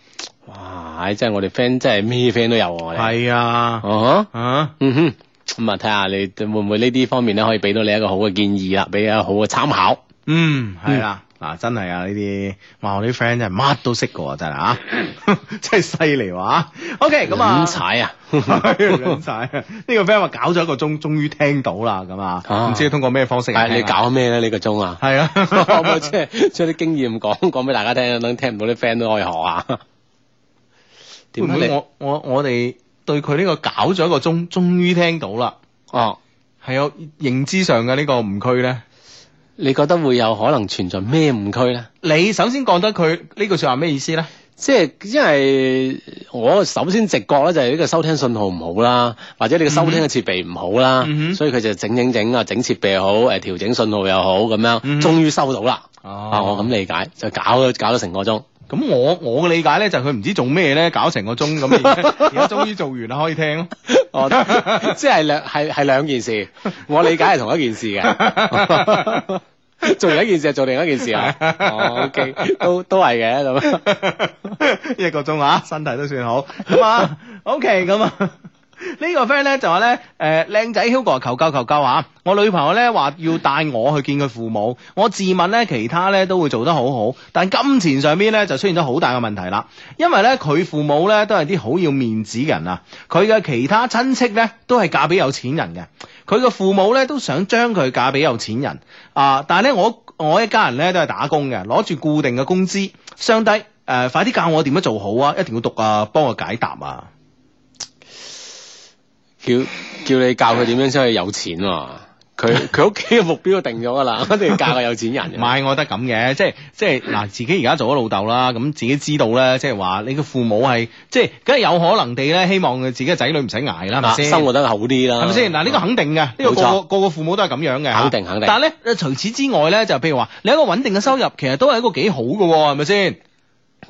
哇！即係，真係我哋 friend 真係咩 friend 都有我哋。係啊，啊、uh，啊、huh, uh，huh, 嗯哼，咁、嗯、啊，睇下你會唔會呢啲方面咧可以俾到你一個好嘅建議啦，俾一個好嘅參考。嗯，係啦、啊。嗯嗱、啊，真係啊！呢啲哇，我啲 friend 真係乜都識過真啊，呵呵真係犀利哇！O K，咁啊，點踩彩啊，踩 啊！啊啊呢、這個 friend 話搞咗一個鐘，終於聽到啦，咁啊，唔知通過咩方式？係你搞咩咧？呢個鐘啊？係啊，即係將啲經驗講講俾大家聽，等聽唔到啲 friend 都可以學下。點解我我我哋對佢呢個搞咗一個鐘，終於聽到啦？哦，係有認知上嘅呢個誤區咧。你覺得會有可能存在咩誤區咧？你首先講得佢呢句説話咩意思咧？即係因為我首先直覺咧，就係呢個收聽信號唔好啦，或者你嘅收聽嘅設備唔好啦，嗯、哼所以佢就整整整啊，整設備又好，誒調整信號又好咁樣，嗯、哼終於收到啦。哦，啊、我咁理解，就搞咗搞咗成個鐘。咁我我嘅理解咧就佢、係、唔知做咩咧，搞成個鐘咁，而家 終於做完啦，可以聽咯。 哦，即係兩係係兩件事，我理解係同一件事嘅， 做完一件事又做另一件事啊。 哦、o、okay, k 都都係嘅咁， 一個鐘啊，身體都算好，好嘛 ？OK，咁啊。呢個 friend 咧就話咧，誒、呃、靚仔 Hugo 求救求救啊！我女朋友咧話要帶我去見佢父母，我自問咧其他咧都會做得好好，但金錢上面咧就出現咗好大嘅問題啦。因為咧佢父母咧都係啲好要面子嘅人啊，佢嘅其他親戚咧都係嫁俾有錢人嘅，佢嘅父母咧都想將佢嫁俾有錢人啊。但係咧我我一家人咧都係打工嘅，攞住固定嘅工資，相低誒快啲教我點樣做好啊！一定要讀啊，幫我解答啊！叫叫你教佢點樣先可以有錢啊，佢佢屋企嘅目標定咗噶啦，我哋嫁個有錢人。唔係，我得咁嘅，即係即係嗱，自己而家做咗老豆啦，咁自己知道咧，即係話你嘅父母係即係梗係有可能地咧，希望自己嘅仔女唔使挨啦，係咪先？是是生活得好啲啦，係咪先？嗱、啊，呢個肯定嘅，呢為、嗯，這個冇錯個個個父母都係咁樣嘅，肯定肯定。但係咧，除此之外咧，就譬如話你一個穩定嘅收入，其實都係一個幾好嘅，係咪先？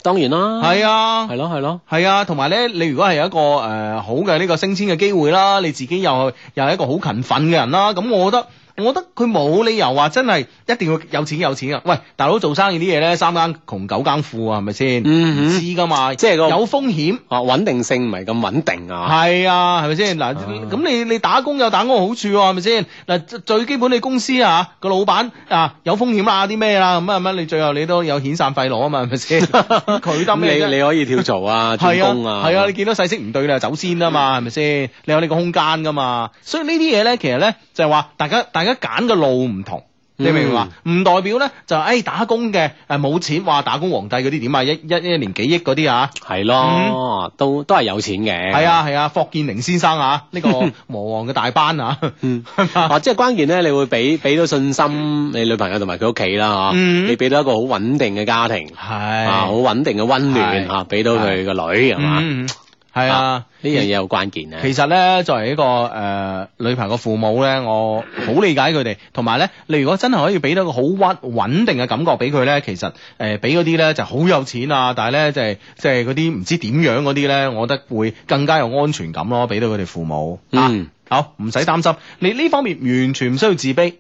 當然啦，係啊，係咯，係咯，係啊，同埋咧，你如果係有一個誒、呃、好嘅呢個升遷嘅機會啦，你自己又又係一個好勤奮嘅人啦，咁我覺得。我覺得佢冇理由話真係一定要有錢有錢啊！喂，大佬做生意啲嘢咧，三間窮九更富啊，係咪先？唔知噶嘛，即係、個、有風險啊，穩定性唔係咁穩定啊。係啊，係咪先嗱？咁、啊、你你打工有打工嘅好處喎、啊，係咪先嗱？最基本你公司啊個老闆啊有風險啦，啲咩啊？咁啊乜、啊啊？你最後你都有遣散費攞啊嘛，係咪先？佢得 你你可以跳槽啊，轉工 啊，係啊！你見到細息唔對啦，走先啊嘛，係咪先？ 你有你個空間噶嘛，所以呢啲嘢咧，其實咧就係話大家大家。大家而家揀個路唔同，你明唔明啊？唔代表咧就誒打工嘅誒冇錢，話打工皇帝嗰啲點啊？一一一年幾億嗰啲啊？係咯，都都係有錢嘅。係啊係啊，霍建寧先生啊，呢個魔王嘅大班啊，啊，即係關鍵咧，你會俾俾到信心你女朋友同埋佢屋企啦，嗬，你俾到一個好穩定嘅家庭，係啊，好穩定嘅溫暖吓，俾到佢個女係嘛。係啊，呢樣嘢好關鍵咧。其實咧，作為一個誒、呃、女朋友嘅父母咧，我好理解佢哋。同埋咧，你如果真係可以俾到個好穩穩定嘅感覺俾佢咧，其實誒俾嗰啲咧就好、是、有錢啊。但係咧，即係即係嗰啲唔知點樣嗰啲咧，我覺得會更加有安全感咯。俾到佢哋父母啊，嗯、好唔使擔心。你呢方面完全唔需要自卑，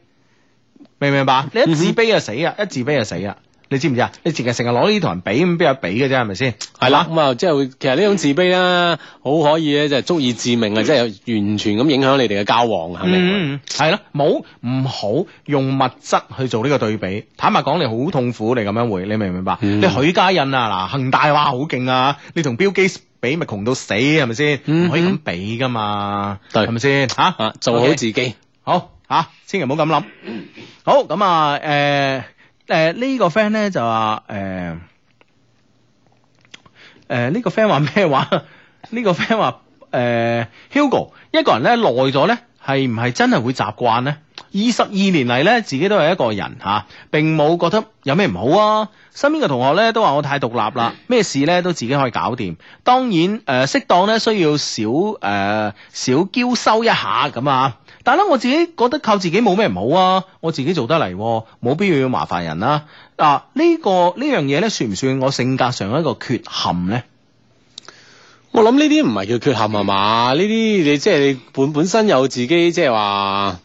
明唔明白？你一自卑就死啊！嗯、哼一自卑就死啊！你知唔知啊？你淨係成日攞呢同人比咁邊有比嘅啫，係咪先？係啦，咁啊，即係會其實呢種自卑啦，好可以咧，即係足以致命啊！即係完全咁影響你哋嘅交往，係咪？係啦。冇唔好用物質去做呢個對比。坦白講，你好痛苦，你咁樣會，你明唔明白？嗯、你許家印啊，嗱恒大話好勁啊，你同 Bill Gates 比咪窮到死，係咪先？唔、嗯、哼可以咁比噶嘛，係咪先？吓吧、啊、做好自己，okay. 好吓、啊，千祈唔 好咁諗。好咁啊，誒。 誒、呃這個、呢、呃呃這個 friend 咧就話誒誒呢個 friend 話咩話？呢個 friend 話誒 Hugo 一個人咧耐咗咧，係唔係真係會習慣呢？二十二年嚟咧自己都係一個人嚇、啊，並冇覺得有咩唔好啊！身邊嘅同學咧都話我太獨立啦，咩事咧都自己可以搞掂。當然誒適、呃、當咧需要少誒、呃、少嬌羞一下咁啊！但係我自己覺得靠自己冇咩唔好啊，我自己做得嚟冇、啊、必要要麻煩人啦、啊。嗱、啊，呢、呢個呢樣嘢呢，這個、算唔算我性格上一個缺陷呢？我諗呢啲唔係叫缺陷啊嘛？呢啲你即係你本本身有自己即係話。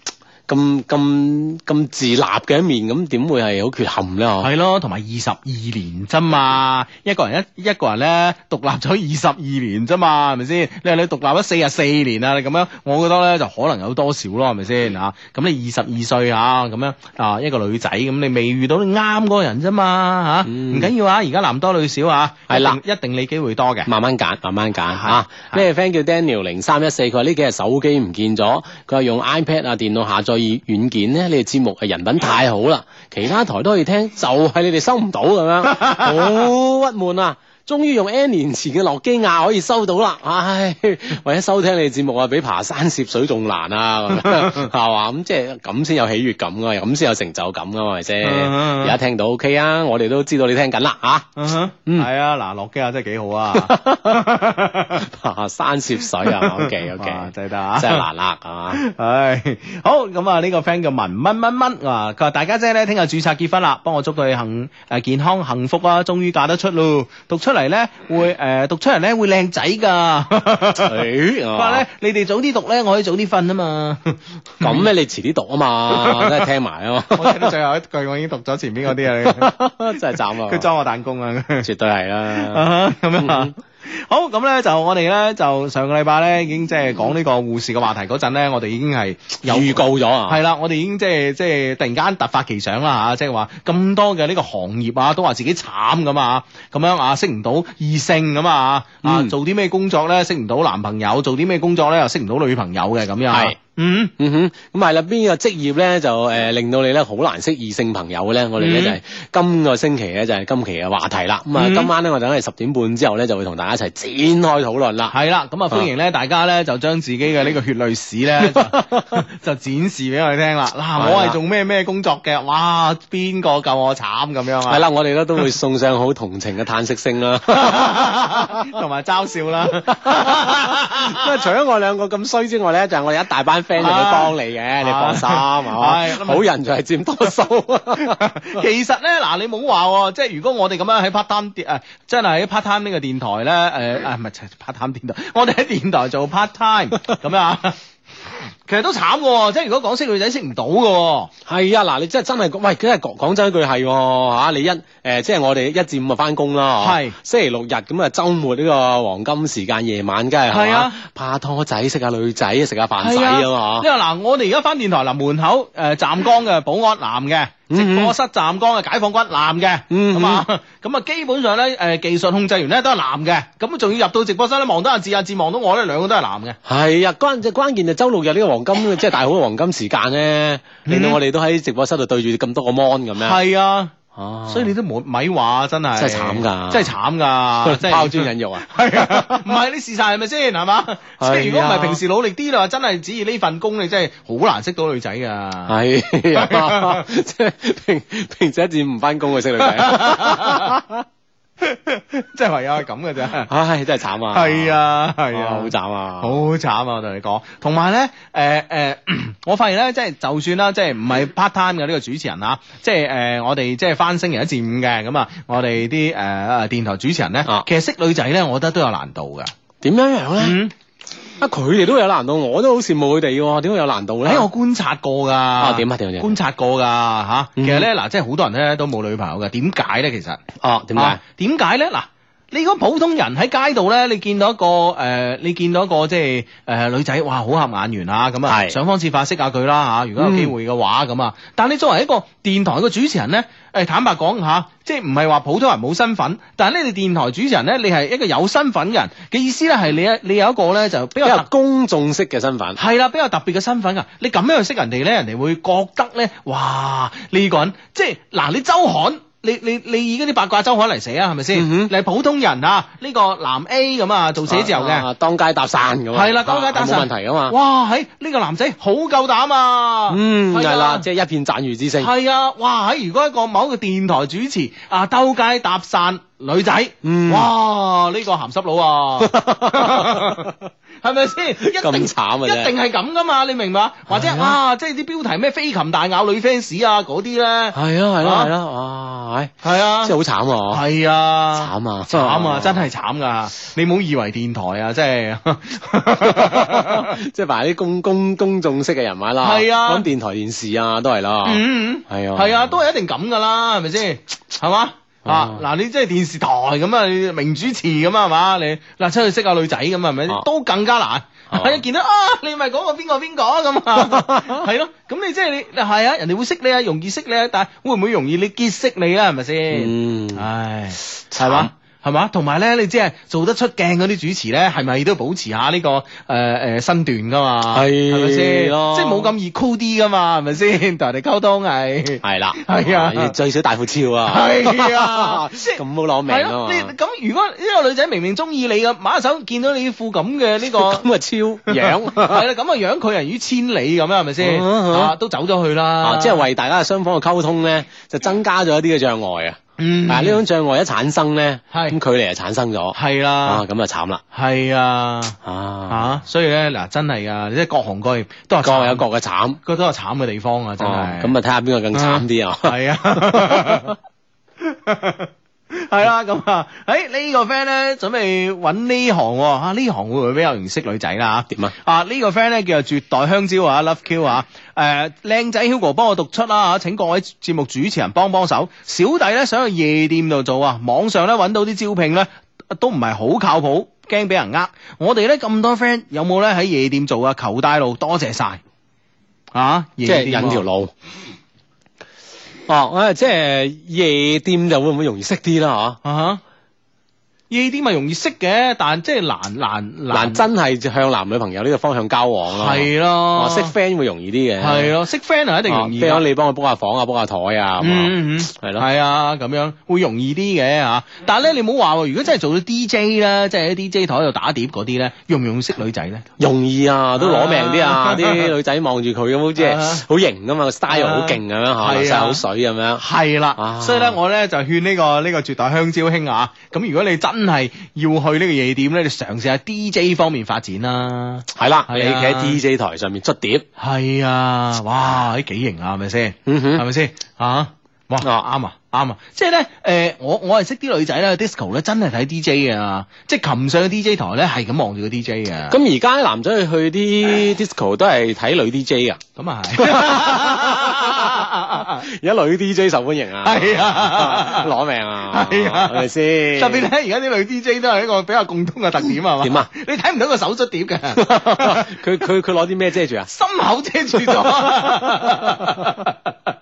咁咁咁自立嘅一面，咁點會係好缺陷咧？係咯，同埋二十二年啫嘛，一個人一一個人咧獨立咗二十二年啫嘛，係咪先？你話你獨立咗四啊四年啊，你咁樣，我覺得咧就可能有多少咯，係咪先吓？咁你二十二歲啊，咁樣啊，一個女仔咁，你未遇到啱個人啫嘛吓，唔緊要啊，而家男多女少啊，係啦，一定你機會多嘅，慢慢揀，慢慢揀吓。咩 friend 叫 Daniel 零三一四？佢話呢幾日手機唔見咗，佢用 iPad 啊電腦下載。所以軟件咧，你哋節目係人品太好啦，其他台都可以聽，就係、是、你哋收唔到咁樣 好鬱悶啊！終於用 N 年前嘅諾基亞可以收到啦！唉，為咗收聽你節目啊，比爬山涉水仲難啊咁、 嗯、樣係嘛？咁即係咁先有喜悅感噶，咁先有成就感噶，係咪先？而、嗯、家聽到 OK 啊，我哋都知道你聽緊啦吓，啊、嗯，係啊、嗯，嗱、哎，諾基亞真係幾好啊！ 爬山涉水啊，O K O K，真係得，真係難啦，係嘛？唉，好咁啊，呢 個 friend 叫文乜乜乜，佢話大家姐咧，聽日注冊結婚啦，幫我祝佢幸誒健康幸福啊，終於嫁得出咯，讀出。出嚟咧會誒讀出嚟咧會靚仔㗎，呃、呢但係咧你哋早啲讀咧我可以早啲瞓啊嘛，咁咧 你遲啲讀啊嘛，真係聽埋啊嘛。 我聽到最後一句，我已經讀咗前面嗰啲啊， 真係慘啊！佢 裝我彈弓 啊，絕對係啦。咁、huh，樣 好，咁咧就我哋咧就上個禮拜咧已經即係講呢個護士嘅話題嗰陣咧，我哋已經係有預告咗啊。係啦，我哋已經即係即係突然間突發奇想啦嚇，即係話咁多嘅呢個行業啊，都話自己慘咁啊，咁樣啊，識唔到異性咁啊啊，做啲咩工作咧，識唔到男朋友，做啲咩工作咧又識唔到女朋友嘅咁樣。係。Mm hmm. 嗯哼，咁係啦，邊個職業咧就誒、呃、令到你咧好難識異性朋友咧？我哋咧就係今個星期咧就係、是、今期嘅話題啦。咁啊、mm，hmm. 今晚咧我等喺十點半之後咧就會同大家一齊展開討論啦。係啦，咁啊歡迎咧大家咧就將自己嘅呢個血淚史咧就， 就展示俾我哋聽啦。嗱、 啊，我係做咩咩工作嘅？哇，邊個夠我慘咁樣啊？係啦，我哋咧都會送上好同情嘅嘆息聲啦，同 埋 嘲笑啦。咁啊，除咗我兩個咁衰之外咧，就係我哋一大班。friend 佢、啊、幫你嘅，你放心，係、啊哎、好人就係佔多數、啊。 其實咧，嗱你冇話，即係如果我哋咁樣喺 part time 誒、呃，真係喺 part time 呢個電台咧，誒、呃、啊唔係、就係、part time 電台，我哋喺電台做 part time 咁啊 樣。 其實都慘，即係如果講識女仔識唔到㗎。係啊，嗱，你真係真係，喂，真係講講真一句係，吓、啊、你一誒、呃，即係我哋一至五啊返工啦，係是。星期六日咁啊，周末呢、這個黃金時間夜晚，梗係係啊，拍拖仔、識下女仔、食下飯仔啊嘛。因為嗱，我哋而家返電台臨、呃、門口誒，湛江嘅保安男嘅。直播室站崗嘅解放軍男嘅，咁啊咁啊，嗯、哼 基本上咧，誒技術控制員咧都係男嘅，咁仲要入到直播室咧，望到阿志阿志，望到，到我咧，兩個都係男嘅。係啊，關即關鍵就周六日呢、這個黃金， 即係大好嘅黃金時間咧，令到 我哋都喺直播室度對住咁多個 mon 咁樣。係啊。哦，啊、所以你都冇咪話，真係真係慘噶，真係慘噶，即係拋磚引玉啊，係啊，唔係 你事實係咪先係嘛？即係的如果唔係平時努力啲啦，真係只要呢份工你真係好難識到女仔噶，係即係平平時一陣唔翻工啊，識女仔。 即係唯有係咁嘅啫， 唉，真係慘啊！係啊，係啊，好慘啊！好慘啊，啊，啊！我同你講，同埋咧，誒、呃、誒，我發現咧，即係就算啦，即係唔係 part time 嘅呢個主持人啊，即係誒、呃，我哋即係翻星期一至五嘅咁啊，我哋啲誒電台主持人咧，啊、其實識女仔咧，我覺得都有難度噶。點樣樣咧？嗯佢哋都有難度，我都好羨慕佢哋。點解有難度咧、哎？我觀察過噶，點、哦、啊點啊點？觀察過噶吓。其實咧，嗱、嗯，即係好多人咧都冇女朋友噶。點解咧？其實哦，點解？點解咧？嗱。你個普通人喺街度咧，你見到一個誒、呃，你見到一個即係誒、呃、女仔，哇，好合眼緣啊！咁啊，想方設法識下佢啦嚇，如果有機會嘅話咁啊。嗯、但你作為一個電台嘅主持人咧，誒坦白講嚇、啊，即係唔係話普通人冇身份？但係咧，你電台主持人咧，你係一個有身份嘅人嘅意思咧，係你啊，你有一個咧就比較，比較公眾式嘅身份，係啦，比較特別嘅身份啊。你咁樣去識人哋咧，人哋會覺得咧，哇，呢、這個人即係嗱，你周刊。你你你以啲八卦周刊嚟寫啊，係咪先？你係、嗯、哼普通人啊，呢、這個男 A 咁啊，做寫字由嘅、啊，當街搭訕咁啊，係啦，當街搭訕冇問題噶嘛。哇，喺、哎、呢、這個男仔好夠膽啊！嗯，係啦，即係一片讚譽之聲。係啊，哇，喺、哎、如果一個某一個電台主持啊，當街搭訕女仔，哇，呢個鹹濕佬。啊！係咪先？一定慘啊！一定係咁噶嘛，你明白？或者啊，即係啲標題咩飛禽大咬女 fans 啊，嗰啲咧。係啊係啊係啊！啊，係啊，即係好慘啊！係啊，慘啊！慘啊！真係慘噶！你唔好以為電台啊，即係即係擺啲公公公眾式嘅人物啦。係啊，電台電視啊，都係啦。嗯嗯。係啊！係啊！都係一定咁噶啦，係咪先？係嘛？Uh, 啊嗱，你即係電視台咁啊，你名主持咁啊嘛，你嗱出去識下女仔咁啊，係咪、uh, 都更加難？啊、uh，huh. 見到啊，你咪講個邊個邊個咁啊，係咯？ 咁你即、就、係、是、你係啊，人哋會識你啊，容易識你啊，但係會唔會容易你結識你啊？係咪先？嗯，唉，係嘛慘 吧。係嘛，同埋咧，你即係做得出鏡嗰啲主持咧，係咪都保持下呢、呢個誒誒身段噶嘛？係，係咪先？即係冇咁易 cool 啲噶嘛？係咪先？同人哋溝通係。係啦吧，係啊，最少大副超啊。係 啊，咁唔好攞命咯、啊、嘛。咁、啊、如果呢個女仔明明中意你嘅，馬上見到你副咁嘅呢個咁嘅 超、 啊、樣，係啦，咁嘅樣拒人於千里咁啦，係咪先？都走咗去啦、啊，即係為大家嘅雙方嘅溝通咧，就增加咗一啲嘅障礙啊！ 嗱，呢、嗯、種障礙一產生咧，咁是、嗯、距離就產生咗，係啦的，咁啊慘啦，係啊，的啊，啊，所以咧，嗱、啊，真係噶，即係各行各業都各有各嘅慘，各各慘都係慘嘅地方啊，真係，咁、哦、啊，睇下邊個更慘啲啊，係啊是的。 係啦，咁、 欸這個、啊，誒呢個 friend 咧，準備揾呢行，吓呢行會唔會比較容易識女仔啦？點啊？麼啊、這個、呢個 friend 咧叫做絕代香蕉啊，Love Q 啊，誒、呃、靚仔 Hugo，幫我讀出啦、啊、吓，請各位節目主持人幫幫手。小弟咧想去夜店度做啊，網上咧揾到啲招聘咧都唔係好靠譜，驚俾人呃。我哋咧咁多 friend 有冇咧喺夜店做啊？求帶路，多謝晒。啊，即係引條 路。哦，誒、啊啊，即係夜店就會唔會容易識啲啦，吓啊哈。Huh. 呢啲咪容易識嘅，但即係難難難真係向男女朋友呢個方向交往咯。係咯，識 friend 會容易啲嘅。係咯，識 friend 係一定容易。咁你幫我 book 下房啊，book 下台啊，係咯。係啊，咁樣會容易啲嘅嚇。但係咧，你唔好話如果真係做到 DJ 咧，即係喺 DJ 台度打碟嗰啲咧，容唔容易識女仔咧？容易啊，都攞命啲啊！啲女仔望住佢咁，即係好型㗎嘛，style 好勁咁樣口水咁樣。係啦，所以咧我咧就勸呢個呢個絕代香蕉兄啊，咁如果你真真係要去呢個夜店咧，你嘗試下 DJ 方面發展啦。係啦吧，你企喺 DJ 台上面捽碟。係啊，哇，呢幾型啊，係咪先？嗯哼，係咪先？啊，哇，啱啊，啱啊,啊,啊,啊，即係咧，誒、呃，我我係識啲女仔咧，disco 咧真係睇 DJ 啊。即係擒上 DJ 台咧係咁望住個 DJ 啊。咁而家啲男仔去的去啲 disco 都係睇女 DJ 啊？咁啊係。嗯 而家、啊啊、女 DJ 受歡迎啊，係啊，攞 命啊，係啊，係咪先？特別咧，而家啲女 DJ 都係一個比較共通嘅特點啊嘛。點 啊？你睇唔到個手足點嘅？佢佢佢攞啲咩遮住啊？心口遮住咗。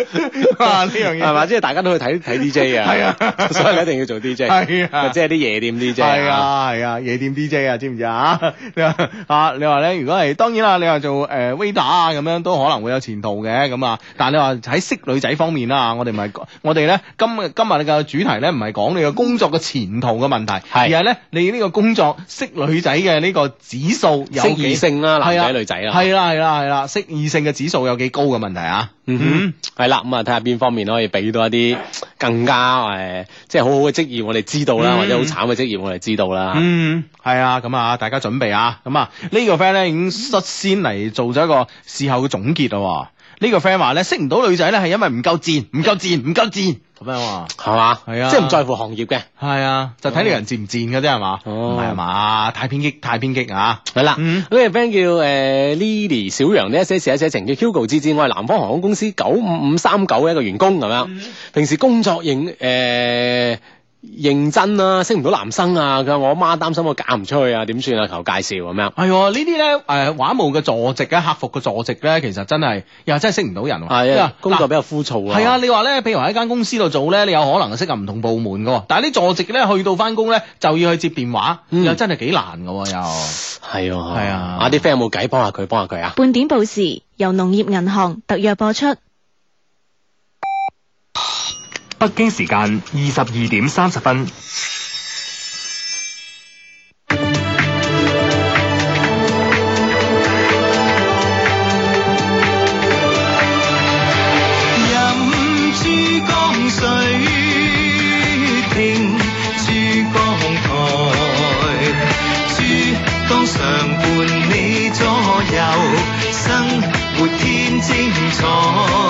呢樣嘢係嘛？即係、 就是、大家都去睇睇 DJ 啊，係啊，所以一定要做 DJ 係啊，啊即係啲夜店 DJ 係啊係吧啊，啊，夜店 DJ 啊，知唔知啊？你話啊，你話咧，如果係當然啦，你話做誒 waiter 啊，咁、呃、樣、呃呃、都可能會有前途嘅。咁啊，但係你話喺識女仔方面啦，我哋唔係我哋咧今今日嘅主題咧，唔係講你嘅工作嘅前途嘅問題，啊、而係咧你呢個工作識女仔嘅呢個指數有幾性啊？係啊，男仔女仔啊，係啦係啦係啦，識異性嘅指數有幾高嘅問題啊？啊嗯哼，係。啦咁啊，睇下邊方面可以俾到一啲更加誒、呃，即係好好嘅職業我哋知道啦，嗯、或者好慘嘅職業我哋知道啦。嗯，係啊，咁啊，大家準備啊，咁啊，呢個、呢個 friend 咧已經率先嚟做咗一個事後嘅總結咯。呢、呢個 friend 話咧，識唔到女仔咧係因為唔夠賤，唔夠賤，唔夠賤。咁樣啊，係嘛，係啊，即係唔在乎行業嘅，係啊，就睇你人賤唔賤嘅啫，係嘛，唔係嘛，太偏激，太偏激啊！係啦，呢、 呢個 friend 叫誒 Lily、呃、小楊，呢一寫寫寫情，叫 HUGO 之之，我係南方航空公司九五五三九嘅一個員工咁樣，嗯、平時工作型誒。呃認真啊，識唔到男生啊！佢話我阿媽擔心我嫁唔出去啊，點算啊？求介紹咁樣。係呢啲咧，誒，話務嘅坐席啊，客服嘅坐席咧，其實真係又真係識唔到人。係啊，工作比較枯燥啊。係啊，你話咧，譬如喺間公司度做咧，你有可能識入唔同部門噶。但係你坐席咧，去到翻工咧，就要去接電話，又真係幾難噶又。係啊係啊，啊啲 friend 有冇計幫下佢，幫下佢啊？半點報時，由農業銀行特約播出。北京時間二十二點三十分。飲珠江水，聽珠江台，珠江常伴你左右，生活添精彩。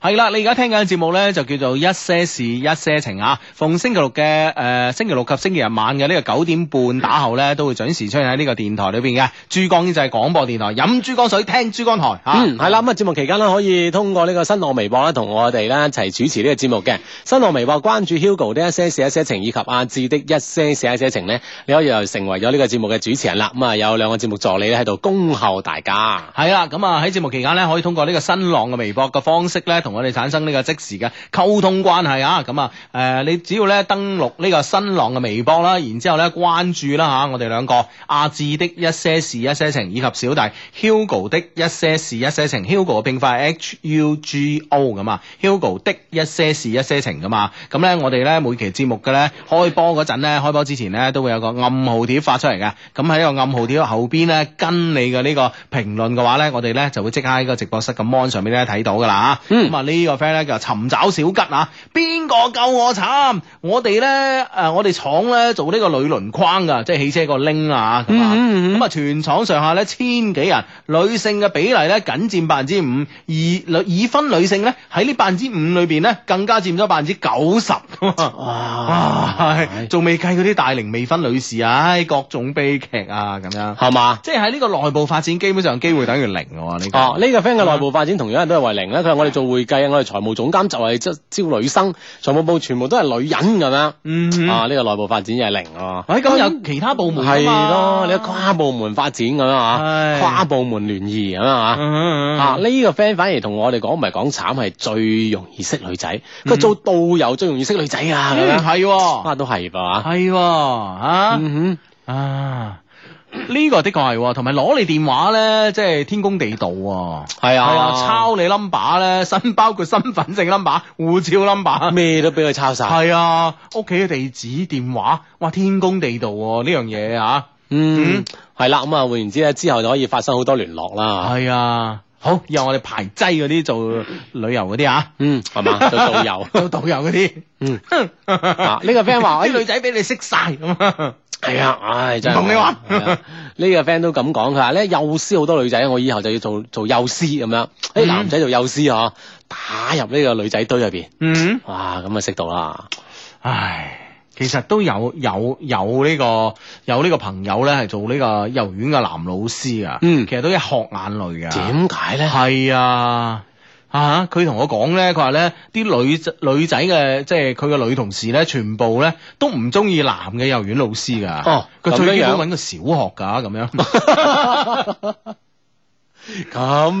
係啦，你而家聽緊嘅節目呢，就叫做一些事一些情啊！逢星期六嘅，誒、呃，星期六及星期日晚嘅呢個九點半打後呢，都會準時出現喺呢個電台裏邊嘅珠江經濟廣播電台，飲珠江水聽珠江台。啊、嗯，係啦，咁啊節目期間呢，可以通過呢個新浪微博咧，同我哋咧一齊主持呢個節目嘅。新浪微博關注 Hugo 的一些事一些情以及阿、啊、志的一些事一些情呢，你可以又成為咗呢個節目嘅主持人啦。咁啊有兩個節目助理喺度恭候大家。係啦，咁啊喺節目期間呢，可以通過呢個新浪嘅微博嘅方式咧。同我哋產生呢個即時嘅溝通關係啊！咁啊，誒、呃，你只要咧登錄呢個新浪嘅微博啦、啊，然之後咧關注啦嚇，我哋兩個亞智的一些事一些情，以及小弟 Hugo 的一些事一些情，Hugo 嘅拼法 H U G O，咁啊，Hugo 的一些事一些情噶嘛。咁咧、啊啊啊，我哋咧每期節目嘅咧開播嗰陣咧，開播之前咧都會有個暗號貼發出嚟嘅。咁喺個暗號貼後邊咧，跟你嘅呢個評論嘅話咧，我哋咧就會即刻喺個直播室嘅 Mon 上面咧睇到噶啦嚇。啊、嗯。個呢個 friend 咧就尋找小吉啊！邊個救我？慘！我哋咧誒，我哋廠咧做呢個鋁輪框㗎，即係汽車個鈴啊咁啊！咁啊，嗯嗯嗯全廠上下咧千幾人，女性嘅比例咧僅佔百分之五，而已婚女性咧喺呢百分之五裏邊咧更加佔咗百、 啊、 分之九十。仲未計嗰啲大齡未婚女士啊、哎，各種悲劇啊咁樣，係嘛吧？即係喺呢個內部發展，基本上機會等於零嘅喎。呢、啊這個呢個 friend 嘅內部發展同樣都係為零咧。佢話我哋做會。 計我哋財務總監就係即招女生，財務部全部都係女人，係咪嗯哼，啊呢、這個內部發展就係零啊。誒、欸，咁、嗯、有其他部門啊嘛？係咯，你跨部門發展咁啊，跨部門聯誼咁啊，啊呢個 friend 反而同我哋講唔係講慘，係最容易識女仔。佢、嗯、哼做導遊最容易識女仔啊，係嘛？都係噃。係的、嗯、啊，哼啊。呢個的確係，同埋攞你電話咧，即係天公地道，啊，係啊，啊，抄你 number 咧，身包括身份證 number、護照 number，咩都俾佢抄晒。係啊，屋企嘅地址、電話，哇，天公地道呢樣嘢啊。啊嗯，係啦、嗯，咁啊，換言之咧之後就可以發生好多聯絡啦。係啊，好，以後我哋排擠嗰啲做旅遊嗰啲啊，嗯，係嘛，做導遊， 做導遊嗰啲，嗯，呢個 friend 話啲女仔俾你識晒咁 係啊，唉， 真係同你話呢 個 friend 都咁講，佢話咧幼師好多女仔，我以後就要做做幼師咁樣，誒、嗯哎，男仔做幼師啊，打入呢個女仔堆入邊，嗯，哇，咁啊識到啦，唉，其實都有有有呢、這個有呢個朋友咧係做呢、這個幼兒園嘅男老師噶，嗯，其實都一學眼淚噶，點解咧？係啊。啊！佢同我講咧，佢話咧啲女女仔嘅，即係佢嘅女同事咧，全部咧都唔中意男嘅幼兒園老師噶。哦，佢最緊要搵個小學噶咁樣。咁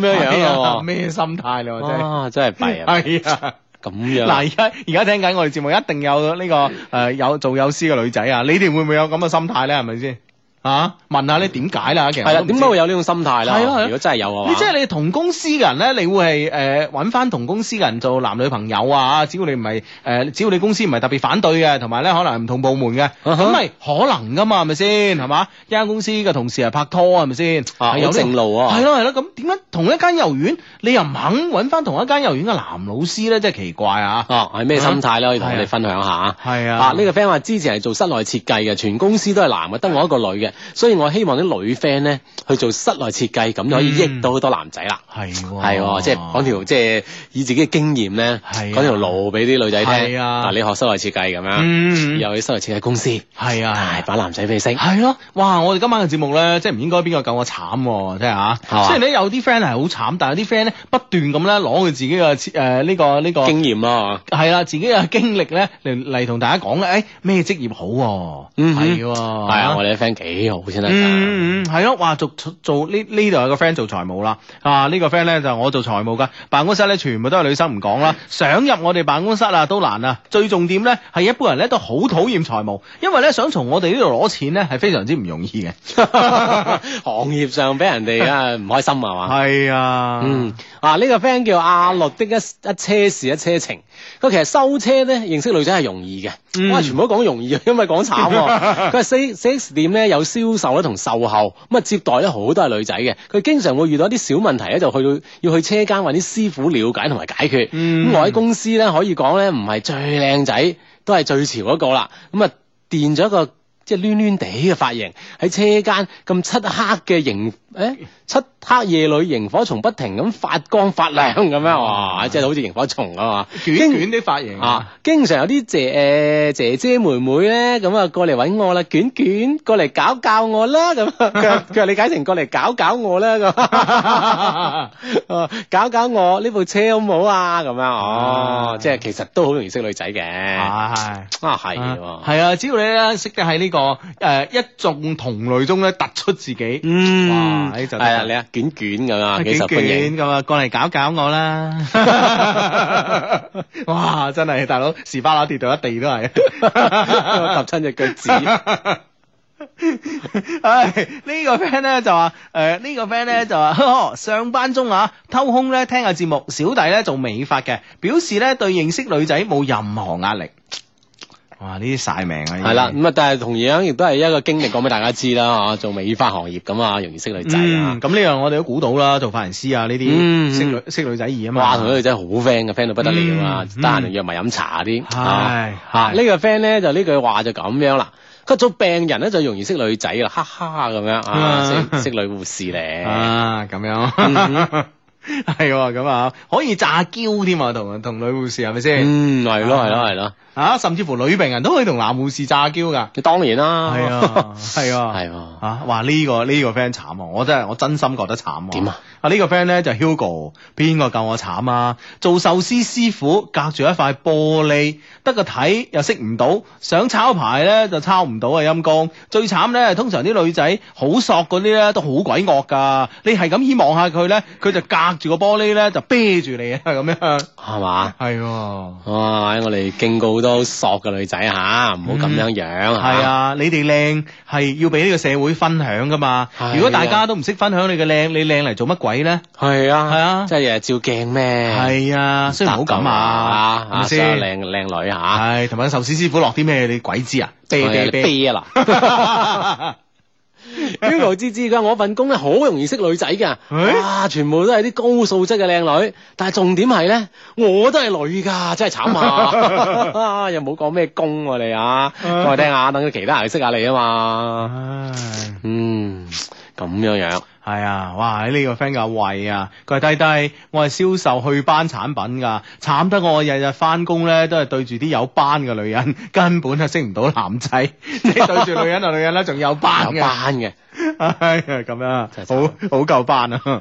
樣樣咩、哎、心態咧？哇、啊！真係弊啊！係啊、哎呀，咁樣。 嗱，而家而家聽緊我哋節目，一定有呢、這個誒、呃、有做幼師嘅女仔啊！你哋會唔會有咁嘅心態咧？係咪先？啊！問下你點解啦？其實係啦，點解、啊、會有呢種心態啦？係咯、啊，啊、如果真係有啊，你即係你同公司嘅人咧，你會係誒揾翻同公司嘅人做男女朋友啊？只要你唔係誒，只要你公司唔係特別反對嘅，同埋咧可能係唔同部門嘅，咁咪、uh huh. 可能噶嘛？係咪先？係嘛？一間公司嘅同事係拍拖係咪先？有正路啊！係咯係咯，咁點解同一間幼兒園你又唔肯揾翻同一間幼兒園嘅男老師咧？真係奇怪啊！哦、啊，係咩心態咧？啊、可以同我哋分享下啊？係啊！呢、啊啊、個 friend 話之前係做室內設計嘅，全公司都係男嘅，得我一個女嘅。所以我希望啲女 friend 咧去做室內設計，咁就可以益到好多男仔啦。係，係，即係講條即係以自己嘅經驗咧，講條路俾啲女仔聽。係啊，你學室內設計咁樣，又去室內設計公司，係啊，大把男仔俾你升。係咯，哇！我哋今晚嘅節目咧，即係唔應該邊個夠我慘，即係吓。雖然咧有啲 friend 係好慘，但係啲 friend 咧不斷咁咧攞佢自己嘅誒呢個呢個經驗咯，係啦，自己嘅經歷咧嚟嚟同大家講咧，誒咩職業好？嗯，係，係啊，我哋啲 friend 幾好先得，嗯嗯，係咯，哇做做呢呢度有個 friend 做財務啦，啊、這個、呢個 friend 咧就是、我做財務噶，辦公室咧全部都係女生唔講啦，想入我哋辦公室啊，都難啊，最重點咧係一般人咧都好討厭財務，因為咧想從我哋呢度攞錢咧係非常之唔容易嘅， 行業上俾人哋啊唔開心啊嘛，係 啊，嗯。啊！呢、這個 friend 叫阿樂的一一車事一車情。佢其實收車咧，認識女仔係容易嘅。嗯、哇！全部都講容易，因為講慘、啊。佢係 s e s 4, 4S 店咧有銷售咧同售後，咁啊接待咧好多係女仔嘅。佢經常會遇到一啲小問題咧，就去到要去車間揾啲師傅了解同埋解決。咁、嗯、我喺公司咧可以講咧，唔係最靚仔，都係最潮嗰個啦。咁啊，電咗一個即係攣攣地嘅髮型，喺車間咁漆黑嘅營。誒，漆、欸、黑夜裏螢火蟲不停咁發光發亮咁樣，哇！即係好似螢火蟲啊嘛，捲捲啲髮型啊，經常有啲姐誒、呃、姐姐妹妹咧，咁、嗯、啊過嚟搵我啦，捲捲過嚟搞搞我啦咁。佢話 你解成過嚟搞搞我啦咁。 搞搞我呢部車好唔好啊？咁樣哦，即係其實都好容易識女仔嘅，啊係，係啊，啊啊啊只要你咧識得喺呢個誒、呃、一眾同類中咧突出自己，嗯。係啊，你啊卷卷咁啊，幾受歡迎咁啊，過嚟搞搞我啦！ 哇，真係大佬，士巴佬跌到一地都係， 我踏親隻腳趾。唉、 哎，這個、呢、呃這個 friend 咧就話，誒，呢個 friend 咧就話，上班中啊，偷空咧聽下節目。小弟咧做美髮嘅，表示咧對認識女仔冇任何壓力。哇！呢啲曬命啊！係啦，咁啊，但係同樣亦都係一個經歷，講俾大家知啦吓。做美髮行業咁啊，容易識女仔啊。咁呢樣我哋都估到啦，做髮型師啊呢啲，識女識女仔易啊嘛。話同女仔好 friend 嘅，friend 到不得了啊！得閒就約埋飲茶啲。係吓呢個 friend 咧，就呢句話就咁樣啦。佢做病人咧就容易識女仔啦，哈哈咁樣啊，識識女護士咧啊，咁樣係咁啊，可以詐嬌添啊，同同女護士係咪先？嗯，係咯，係咯，係咯。啊，甚至乎女病人都可以同男護士詐嬌㗎，當然啦，係啊，係啊，係啊，嚇！哇，呢個呢個 friend 慘？啊，我真係我真心覺得慘啊。點啊？啊呢個 friend 咧，就 Hugo，邊個夠我慘啊？做壽司師傅，隔住一塊玻璃，得個睇又識唔到，想抄牌咧就抄唔到啊，陰公。最慘咧，通常啲女仔好索啲咧都好鬼惡㗎，你係咁依望下佢咧，佢就隔住個玻璃咧就啤住你啊咁樣，係嘛？係。哇！我哋敬告都傻嘅女仔嚇，唔好咁樣樣嚇。係啊，你哋靚係要俾呢個社會分享噶嘛。如果大家都唔識分享你嘅靚，你靚嚟做乜鬼咧？係啊，係啊，即係日日照鏡咩？係啊，雖然唔好咁啊，係咪先？靚靚女嚇，係同埋壽司師傅落啲咩？你鬼知啊？嗲嗲嗲啦！邊個之知噶？我份工咧，好容易識女仔噶，哇、欸啊！全部都係啲高素質嘅靚女，但係重點係咧，我都係女噶，真係慘啊！哈哈又冇講咩工喎、啊、你啊，過嚟聽下、啊，等佢其他人識下你啊嘛。嗯，咁樣樣。係啊、哎，哇！呢、這個 friend 嘅阿慧啊，佢係低低，我係銷售去斑產品噶，慘得我日日翻工咧都係對住啲有斑嘅女人，根本係識唔到男仔， 即係對住女人就女人啦，仲有斑嘅，斑嘅、 哎，咁樣，好好夠斑啊，係、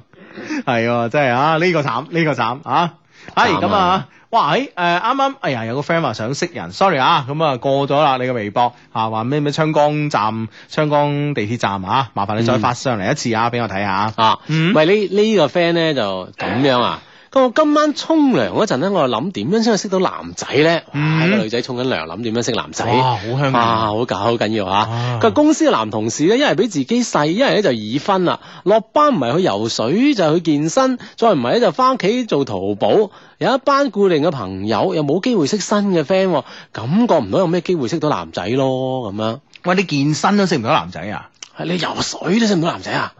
哎、真係啊，呢、這個慘，呢、這個慘啊，唉了，咁、哎、啊。喂，誒啱啱哎呀、呃哎，有個 friend 話想識人，sorry 啊，咁啊過咗啦，你嘅微博嚇話咩咩昌崗站、昌崗地鐵站啊，麻煩你再發上嚟一次啊，俾我睇下啊。喂、嗯這個、呢呢個 friend 咧就咁樣啊。哎咁我今晚沖涼嗰陣咧，我係諗點樣先可以識到男仔咧？個女仔沖緊涼，諗點樣識男仔？嗯、男哇，好香！啊！好搞、啊，好緊要嚇、啊。咁、啊、公司嘅男同事咧，一係俾自己細，一係咧就已婚啦。落班唔係去游水就係、去健身，再唔係咧就翻屋企做淘寶。有一班固定嘅朋友，又冇機會識新嘅 friend，感覺唔到有咩機會識到男仔咯。咁樣，喂，你健身都識唔到男仔啊？係你游水都識唔到男仔啊？